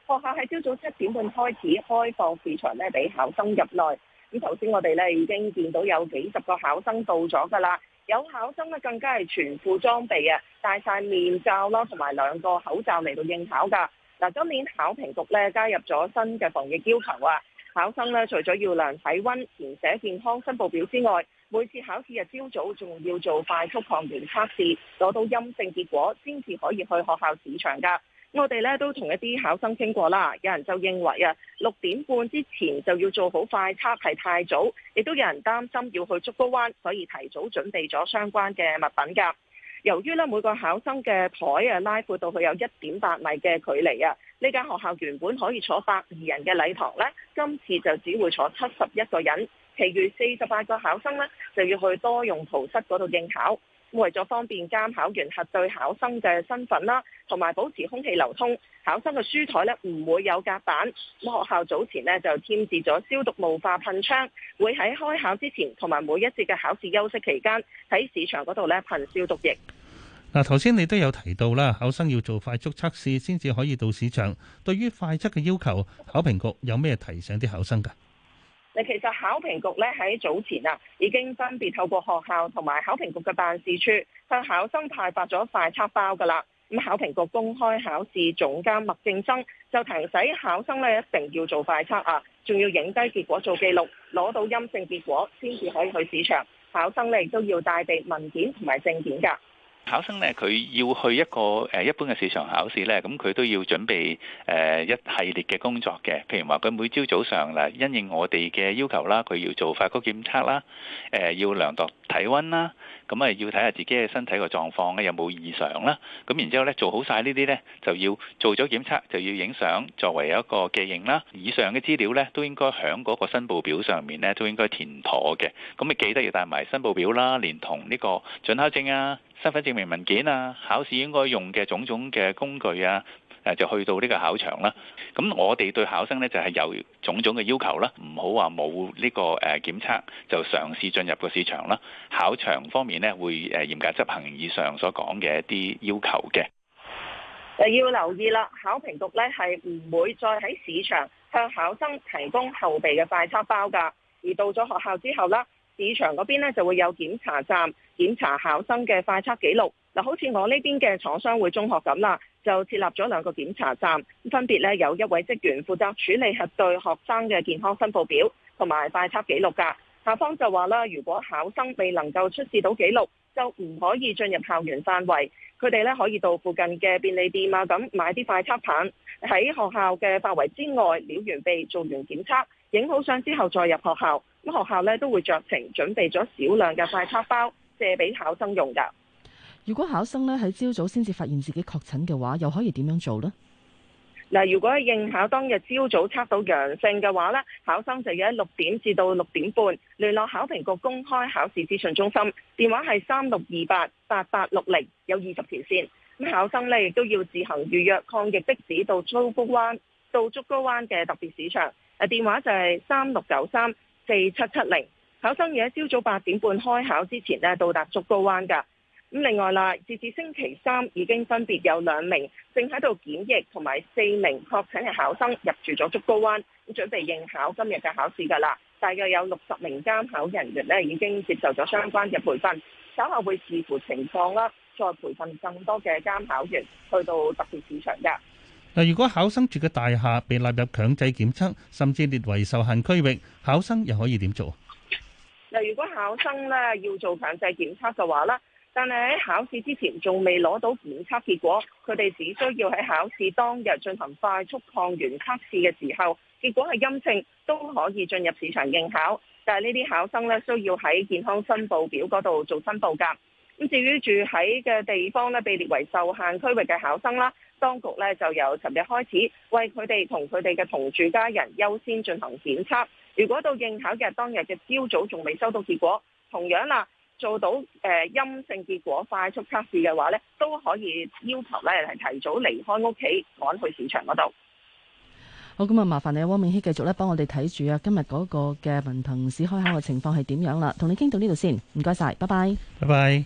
學校喺朝早七點半開始開放市場呢俾考生入內。咁頭先我哋呢已經見到有幾十個考生到咗噶啦。有考生咧更加係全副裝備啊，戴晒面罩啦，同埋兩個口罩嚟到應考噶。嗱，今年考評局咧加入咗新嘅防疫要求啊，考生咧除咗要量體溫、填寫健康申報表之外，每次考試日朝早仲要做快速抗原測試，攞到陰性結果先至可以去學校試場噶。我哋咧都同一啲考生傾過啦，有人就認為啊，六點半之前就要做好快測係太早，亦都有人擔心要去竹篙灣，所以提早準備咗相關嘅物品㗎。由於咧每個考生嘅台啊拉闊到佢有一點八米嘅距離啊，呢間學校原本可以坐百二人嘅禮堂呢，今次就只會坐七十一個人，其餘四十八個考生呢，就要去多用途室嗰度應考。為咗方便監考員核對考生嘅身份啦，同埋保持空氣流通，考生嘅書枱咧唔會有夾板。咁學校早前咧就添置咗消毒霧化噴槍，會喺開考之前同埋每一節嘅考試休息期間喺試場嗰度咧噴消毒液。嗱，頭先你都有提到啦，考生要做快速測試先至可以到試場。對於快測嘅要求，考評局有咩提醒啲考生㗎？其實考評局咧喺早前啊，已經分別透過學校同埋考評局嘅辦事處向考生派發咗快測包噶啦。咁、嗯、考評局公開考試總監麥敬生就提醒考生咧，一定要做快測啊，仲要影低結果做記錄，攞到陰性結果先至可以去市場。考生咧都要帶備文件同埋證件噶。考生咧，佢要去一個誒一般嘅市場考試咧，咁佢都要準備誒一系列嘅工作嘅。譬如話，佢每朝早上啦，因應我哋嘅要求啦，佢要做發高檢測啦，誒要量度體温啦，咁啊要睇下自己嘅身體個狀況咧有冇異常咧。咁然之後咧做好曬呢啲咧，就要做咗檢測，就要影相作為一個記認啦。以上嘅資料咧都應該響嗰個申報表上面咧都應該填妥嘅。咁咪記得要帶埋申報表啦，連同呢個準考證啊。身份證明文件啊，考試應該用嘅種種嘅工具啊，誒就去到呢個考場啦。咁我哋對考生呢，就係有種種嘅要求啦，唔好話冇呢個誒檢測就嘗試進入個市場啦。考場方面呢，會誒嚴格執行以上所講嘅一啲要求嘅。誒要留意啦，考評局呢係唔會再喺市場向考生提供後備嘅快測包㗎，而到咗學校之後啦。市場嗰邊呢，就會有檢查站檢查考生嘅快測記錄。嗱，好似我呢邊嘅廠商會中學咁啦，就設立咗兩個檢查站，分別呢有一位職員負責處理核對學生嘅健康申報表同埋快測記錄噶。校方就話啦，如果考生未能夠出示到記錄，就唔可以進入校園範圍。佢哋呢可以到附近嘅便利店啊，咁買啲快測棒，喺學校嘅範圍之外了完備做完檢測。影好相之後再入學校，咁學校咧都會酌情準備咗少量嘅快測包借俾考生用噶。如果考生咧喺朝早先至發現自己確診嘅話，又可以點樣做呢？嗱，如果應考當日朝早測到陽性嘅話咧，考生就要喺六點至到六點半聯絡考評局公開考試諮詢中心，電話係三六二八八八六零，60, 有二十條線。咁考生咧亦都要自行預約抗疫的士到竹篙灣到竹篙灣嘅特別試場。誒，電話就係三六九三四七七零。70, 考生要喺朝早八點半開考之前咧到達竹篙灣噶。咁另外啦，截至星期三已經分別有兩名正喺度檢疫，同埋四名確診嘅考生入住咗竹篙灣，咁準備應考今日嘅考試噶啦。大約有六十名監考人員咧已經接受咗相關嘅培訓，稍後會視乎情況啦，再培訓更多嘅監考員去到特別市場噶。嗱，如果考生住嘅大廈被納入強制檢測，甚至列為受限區域，考生又可以點做？嗱，如果考生呢要做強制檢測就話啦，但係喺考試之前仲未攞到檢測結果，佢哋只需要喺考試當日進行快速抗原測試嘅時候，結果係陰性都可以進入市場應考，但係呢啲考生呢，需要喺健康申報表嗰度做申報噶。咁至於住喺嘅地方咧，被列為受限區域嘅考生啦，當局呢就由尋日開始為佢哋同佢哋嘅同住家人優先進行檢測。如果到應考嘅當日嘅朝早仲未收到結果，同樣啊做到誒、呃、陰性結果快速測試嘅話呢都可以要求呢係提早離開屋企趕去試場嗰度。好咁啊，麻煩你汪明希繼續咧幫我哋睇住啊今日嗰個嘅文憑試開考嘅情況係點樣啦。同你傾到呢度先，唔該晒，拜拜，拜拜。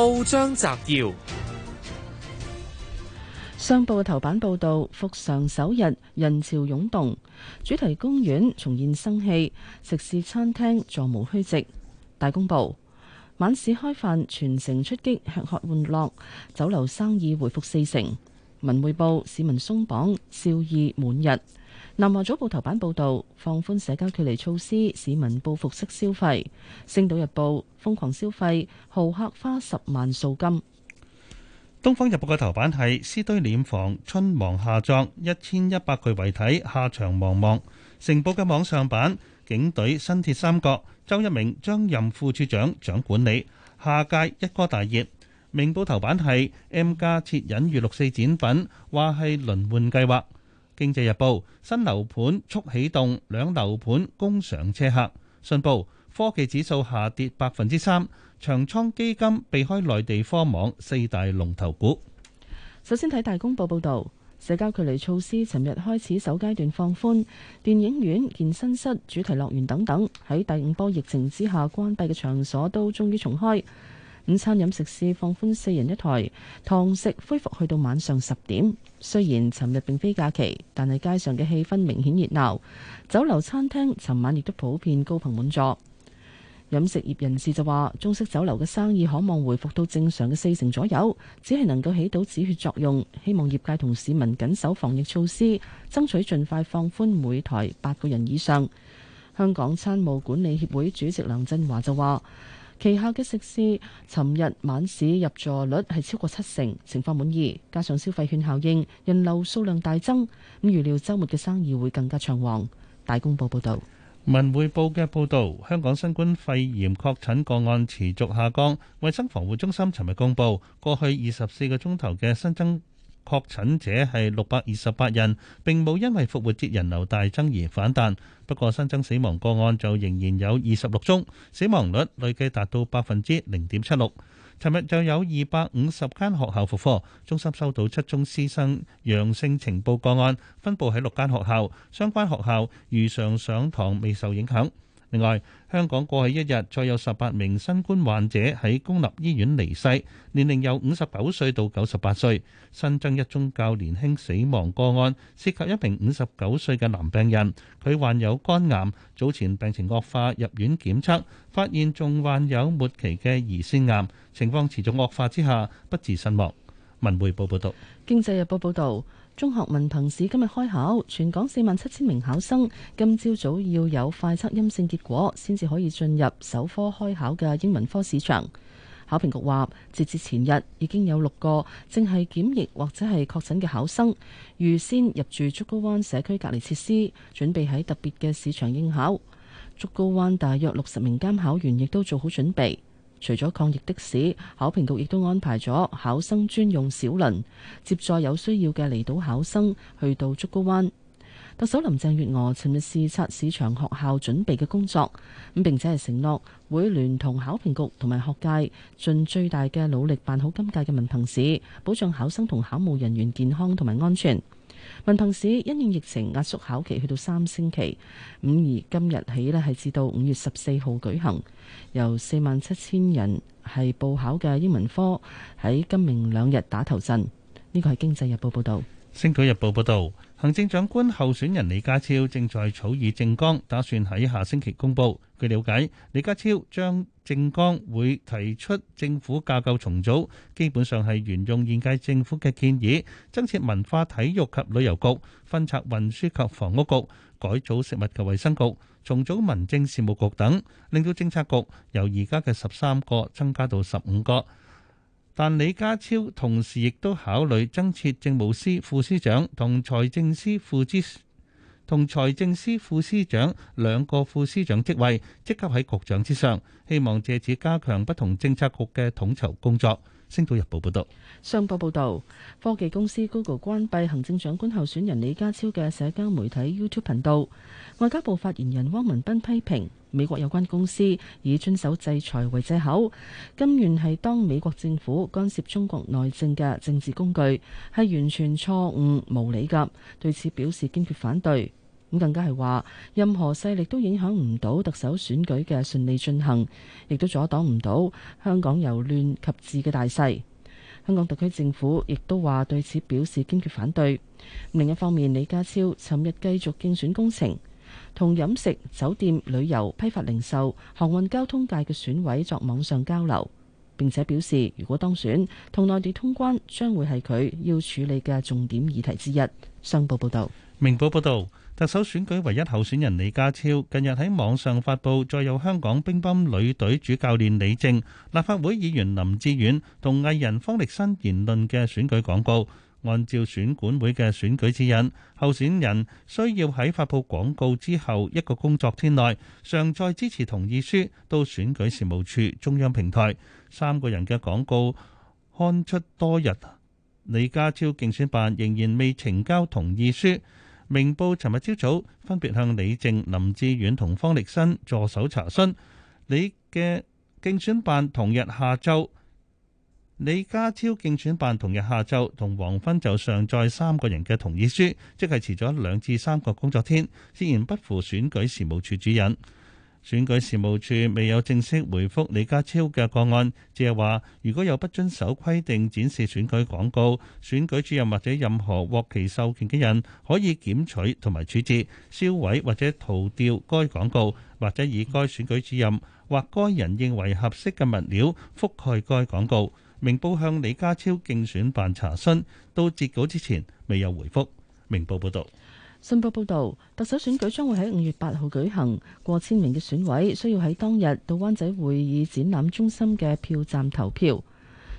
報章摘要：商報嘅頭版報道，復常首日人潮湧動，主題公園重現生氣，食肆餐廳座無虛席。大公報：晚市開飯，全城出擊，吃喝玩樂，酒樓生意回復四成。文匯報：市民鬆綁，笑意滿日。南華早報頭版報道，放寬社交距離措施，市民報復式消費。星島日報瘋狂消費，豪客花十萬贖金。東方日報嘅頭版係屍堆殮房春，春亡夏葬，一千一百具遺體，下場茫茫。成報嘅網上版，警隊新鐵三角，周一鳴將任副處長，掌管理。下屆一哥大熱。明報頭版係 M 加設隱喻六四展品，話係輪換計劃。經濟日報新樓盤速起動，兩樓盤供上車客。信報科技指數下跌百分之三，長倉基金避開內地科網四大龍頭股。首先睇大公報報道，社交距離措施尋日開始首階段放寬，電影院、健身室、主題樂園等等喺第五波疫情之下關閉嘅場所都終於重開。午餐飲食肆放寬四人一台，堂食恢復去到晚上十點。雖然尋日並非假期，但係街上嘅氣氛明顯熱鬧，酒樓餐廳尋晚亦都普遍高朋滿座。飲食業人士就話，中式酒樓嘅生意可望恢復到正常嘅四成左右，只係能夠起到止血作用。希望業界同市民緊守防疫措施，爭取盡快放寬每台八個人以上。香港餐務管理協會主席梁振華就話：旗下嘅食肆，尋日晚市入座率係超過七成，情況滿意，加上消費券效應，人流數量大增，咁預料周末嘅生意會更加暢旺。大公報報道，文匯報嘅報道，香港新冠肺炎確診個案持續下降。衛生防護中心尋日公布，過去二十四個鐘頭嘅新增確診者係六百二十八人，並冇因為復活節人流大增而反彈。不過新增死亡個案就仍然有二十六宗，死亡率累計達到百分之零點七六。尋日就有二百五十間學校復課，中心收到七宗師生陽性情報個案，分布喺六間學校，相關學校如常上堂未受影響。另外，香港過去一日再有十八名新冠患者喺公立醫院離世，年齡由五十九歲到九十八歲。新增一宗較年輕死亡個案，涉及一名五十九歲嘅男病人，佢患有肝癌，早前病情惡化入院檢測，發現仲患有末期嘅胰腺癌，情況持續惡化之下不治身亡。文匯報報道。經濟日報報道。中學文憑試今日開考，全港四萬七千名考生今朝早要有快測陰性結果，先至可以進入首科開考嘅英文科市場。考評局話，截至前日已經有六個正係檢疫或者係確診嘅考生預先入住竹篙灣社區隔離設施，準備喺特別嘅市場應考。竹篙灣大約六十名監考員亦都做好準備。除咗抗疫的士，考評局亦都安排咗考生專用小輪，接載有需要嘅離島考生去到竹篙灣。特首林鄭月娥尋日視察試場學校準備嘅工作，咁並且係承諾會聯同考評局同埋學界盡最大嘅努力辦好今屆嘅文憑試，保障考生同考務人員健康同埋安全。文憑試因應疫情壓縮考期，去到三星期，五而今日起咧，係至到五月十四號舉行。由四萬七千人係報考嘅英文科，喺今明兩日打頭陣。呢個係《經濟日報》報道，《星島日報》報道。行政長官候選人李家超正在草擬政綱，打算喺下星期公布。據了解，李家超將政綱會提出政府架構重組，基本上係沿用現屆政府嘅建議，增設文化體育及旅遊局，分拆運輸及房屋局，改組食物及衛生局，重組民政事務局等，令到政策局由而家嘅十三個增加到十五個。但李家超同時亦都考慮增設政務司副司長同財政司副司同財政司副司長兩個副司長職位，即刻喺局長之上，希望借此加強不同政策局嘅統籌工作。星島日報報道，商報報道，科技公司 Google 關閉行政長官候選人李家超嘅社交媒體 YouTube 頻道。外交部發言人汪文斌批評美國有關公司以遵守制裁為借口，甘願係當美國政府干涉中國內政嘅政治工具，係完全錯誤、無理噶，對此表示堅決反對。咁更加係話，任何勢力都影響唔到特首選舉嘅順利進行，亦都阻擋唔到香港由亂及治嘅大勢。香港特區政府亦都話對此表示堅決反對。另一方面，李家超尋日繼續競選工程，同飲食、酒店、旅遊、批發零售、航運交通界嘅選委作網上交流。並且表示，如果當選，同內地通關將會係佢要處理嘅重點議題之一。商報報道：明報報道，特首選舉唯一候選人李家超近日喺網上發布載有香港乒乓女隊主教練李靜、立法會議員林志遠同藝人方力申言論嘅選舉廣告。按照選管會嘅選舉指引，候選人需要喺發佈廣告之後一個工作天內上載支持同意書到選舉事務處中央平台。三個人嘅廣告刊出多日，李家超競選辦仍然未呈交同意書。明報尋日朝早分別向李靜、林志遠同方力申助手查詢，李嘅競選辦同日下晝。李家超競選辦同日下晝同黃昏就上載三個人嘅同意書，即係遲咗兩至三個工作天，顯然不符選舉事務處主任。選舉事務處未有正式回覆李家超嘅個案，只係話如果有不遵守規定展示選舉廣告，選舉主任或者任何獲其授權嘅人可以檢取同埋處置、銷毀或者塗掉該廣告，或者以該選舉主任或該人認為合適嘅物料覆蓋該廣告。明報向李家超競選辦查詢，到截稿之前未有回覆。明報報道，信報報道，特首選舉將會喺五月八號舉行，過千名嘅選委需要喺當日到灣仔會議展覽中心嘅票站投票。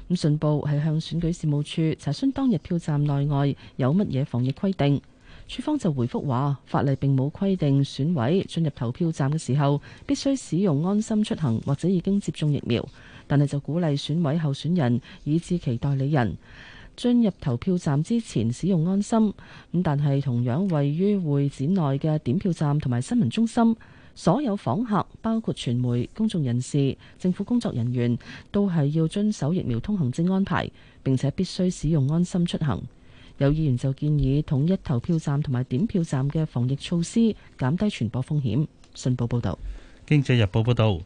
咁信報係向選舉事務處查詢當日票站內外有乜嘢防疫規定，處方就回覆話，法例並冇規定選委進入投票站嘅時候必須使用安心出行或者已經接種疫苗。但係就鼓勵選委候選人以至其代理人進入投票站之前使用安心。咁但係同樣位於會展內嘅點票站同埋新聞中心，所有訪客包括傳媒、公眾人士、政府工作人員都係要遵守疫苗通行證安排，並且必須使用安心出行。有議員就建議統一投票站同埋點票站嘅防疫措施，減低傳播風險。信報報導，《經濟日報》報道。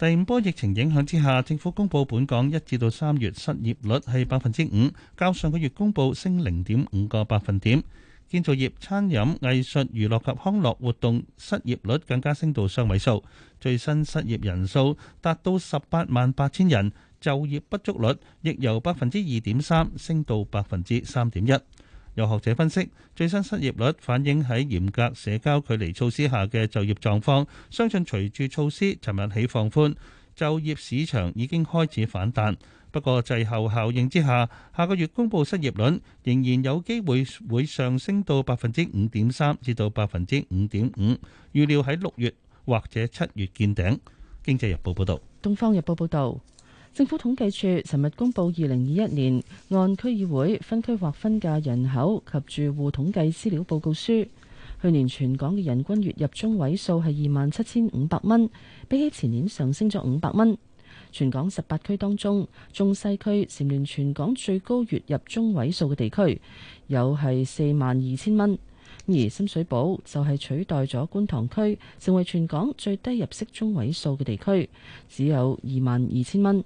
第五波疫情影響之下，政府公佈本港一至到三月失業率係百分之五，較上個月公布升零點五個百分點。建造業、餐飲、藝術、娛樂及康樂活動失業率更加升到雙位數，最新失業人數達到十八萬八千人，就業不足率亦由百分之二點三升到百分之三點一。有學者分析，最新失業率反映喺嚴格社交距離措施下嘅就業狀況，相信隨住措施尋日起放寬，就業市場已經開始反彈。不過滯後效應之下，下個月公佈失業率仍然有機會會上升到百分之五點三至到百分之五點五，預料喺六月或者七月見頂。經濟日報報道。東方日報報導。政府統計處尋日公布二零二一年按區議會分區劃分嘅人口及住戶統計資料報告書。去年全港嘅人均月入中位數係二萬七千五百蚊，比起前年上升咗五百蚊。全港十八區當中，中西區蟬聯全港最高月入中位數嘅地區，有係四萬二千蚊。而深水埗就係取代咗觀塘區，成為全港最低入息中位數嘅地區，只有二萬二千蚊。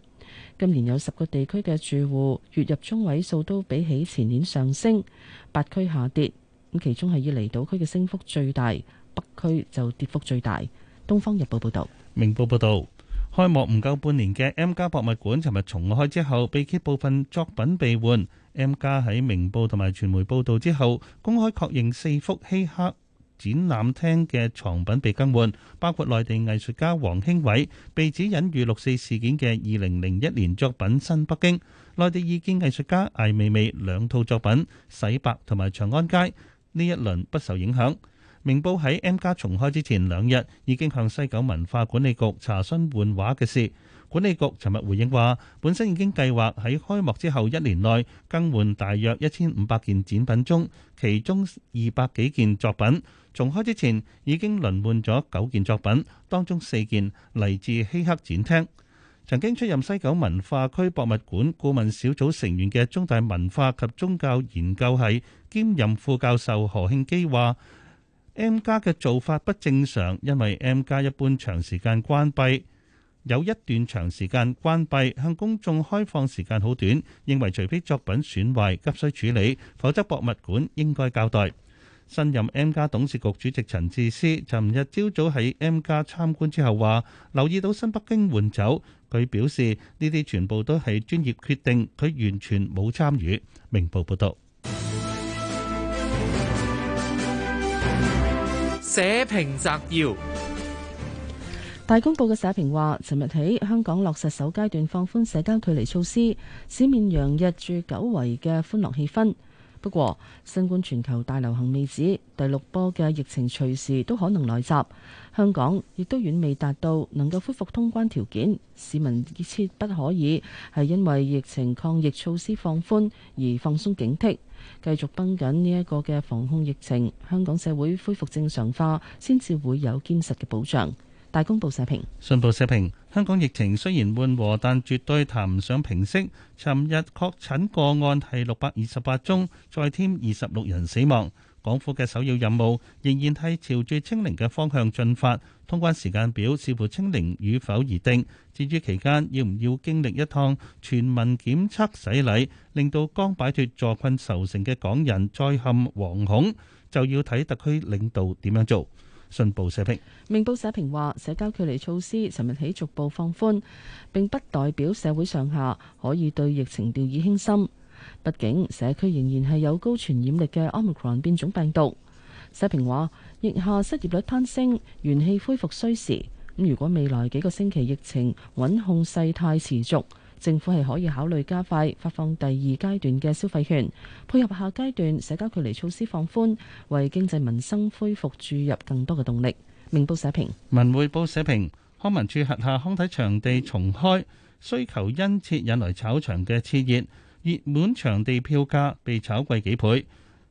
今年有十個地區嘅住戶月入中位數都比起前年上升，八區下跌。咁其中係以離島區嘅升幅最大，北區就跌幅最大。《東方日報》報道：「明報》報道」開幕唔夠半年嘅 M 家博物館，尋日重開之後，被揭部分作品被換。M 家喺《明報》同埋傳媒報道之後，公開確認四幅稀刻。展覽廳嘅藏品被更換，包括內地藝術家王興偉被指隱喻六四事件嘅二零零一年作品《新北京》，內地異見藝術家艾未未兩套作品《洗白》同埋《長安街》呢一輪不受影響。明報喺 M+ 重開之前兩日已經向西九文化管理局查詢換畫嘅事，管理局尋日回應話，本身已經計劃喺開幕之後一年內更換大約一千五百件展品中，其中二百幾件作品。重開之前已經輪換咗九件作品，當中四件嚟自希克展廳。曾經出任西九文化區博物館顧問小組成員嘅中大文化及宗教研究系兼任副教授何慶基話：M+ 嘅做法不正常，因為 M+ 一般長時間關閉，有一段長時間關閉，向公眾開放時間好短，認為除非作品損壞急需處理，否則博物館應該交代。新任 M 家董事局主席陳智思，尋日朝早喺 M 家參觀之後，話留意到新北京換走，佢表示呢啲全部都係專業決定，佢完全冇參與。明報報道。社評摘要：大公報嘅社評話，尋日起香港落實首階段放寬社交距離措施，市面洋溢住久違嘅歡樂氣氛。不過，新冠全球大流行未止，第六波嘅疫情隨時都可能來襲。香港亦都遠未達到能夠恢復通關條件，市民切不可以係因為疫情抗疫措施放寬而放鬆警惕，繼續繃緊呢一個嘅防控疫情。香港社會恢復正常化，先至會有堅實嘅保障。大公報社評，信報社評，香港疫情雖然緩和，但絕對談唔上平息。尋日確診個案係六百二十八宗，再添二十六人死亡。港府嘅首要任務仍然係朝住清零嘅方向進發，通關時間表視乎清零與否而定。至於期間要唔要經歷一趟全民檢測洗禮，令到剛擺脱坐困愁城嘅港人再陷惶恐，就要睇特區領導點樣做。信報社評，明報社評話，社交距離措施尋日起逐步放寬，並不代表社會上下可以對疫情掉以輕心。畢竟社區仍然係有高傳染力嘅 Omicron 變種病毒。社評話，疫下失業率攀升，元氣恢復需時。咁如果未來幾個星期疫情穩控勢態持續。政府係可以考慮加快發放第二階段嘅消費券，配合下階段社交距離措施放寬，為經濟民生恢復注入更多嘅動力。明報社評。文匯報社評，康文署轄下康體場地重開需求殷切，引來炒場嘅熾熱，熱門場地票價被炒貴幾倍。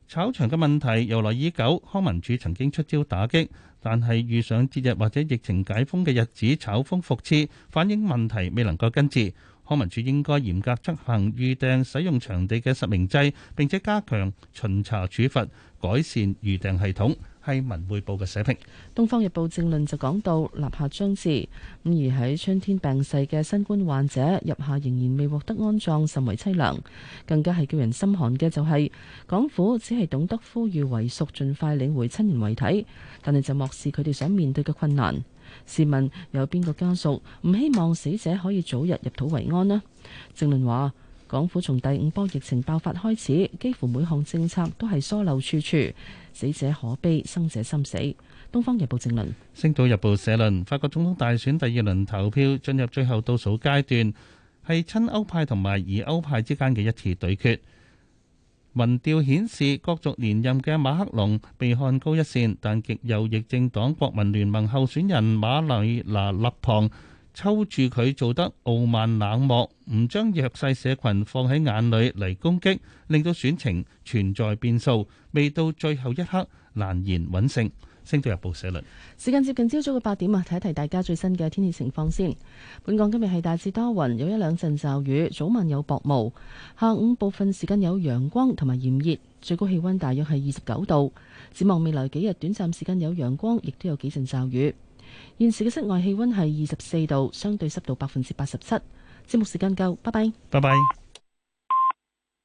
炒場嘅問題由來已久，康文署曾經出招打擊，但係遇上節日或者疫情解封嘅日子，炒風復熾，反映問題未能夠根治。康文署應該嚴格執行預訂使用場地嘅實名制，並且加強巡查處罰，改善預訂系統。係文匯報嘅社評，《東方日報政論》就講到立夏將至，咁而喺春天病逝嘅新冠患者入夏仍然未獲得安葬，甚為淒涼。更加係叫人心寒嘅就係、是，港府只係懂得呼籲遺屬盡快領回親人遺體，但係就漠視佢哋想面對嘅困難。市民有邊個家屬唔希望死者可以早日入土為安呢？正論話，港府從第五波疫情爆發開始，幾乎每項政策都係疏漏處處，死者可悲，生者心死。《東方日報》正論。《星島日報》社論：法國總統大選第二輪投票進入最後倒數階段，係親歐派同埋疑歐派之間嘅一次對決。民調顯示，角逐連任嘅馬克龍被看高一線，但極右翼政黨國民聯盟候選人馬琳勒龐抽住佢做得傲慢冷漠，唔將弱勢社群放喺眼裏嚟攻擊，令到選情存在變數，未到最後一刻難言穩勝。《星島日報》社論，時間接近朝早嘅八點啊，睇一睇大家最新嘅天氣情況先。本港今日係大致多雲，有一兩陣驟雨，早晚有薄霧，下午部分時間有陽光同埋炎熱，最高氣溫大約係二十九度。展望未來幾日，短暫時間有陽光，亦都有幾陣驟雨。現時嘅室外氣溫係二十四度，相對濕度百分之八十七。節目時間夠，拜拜，拜拜。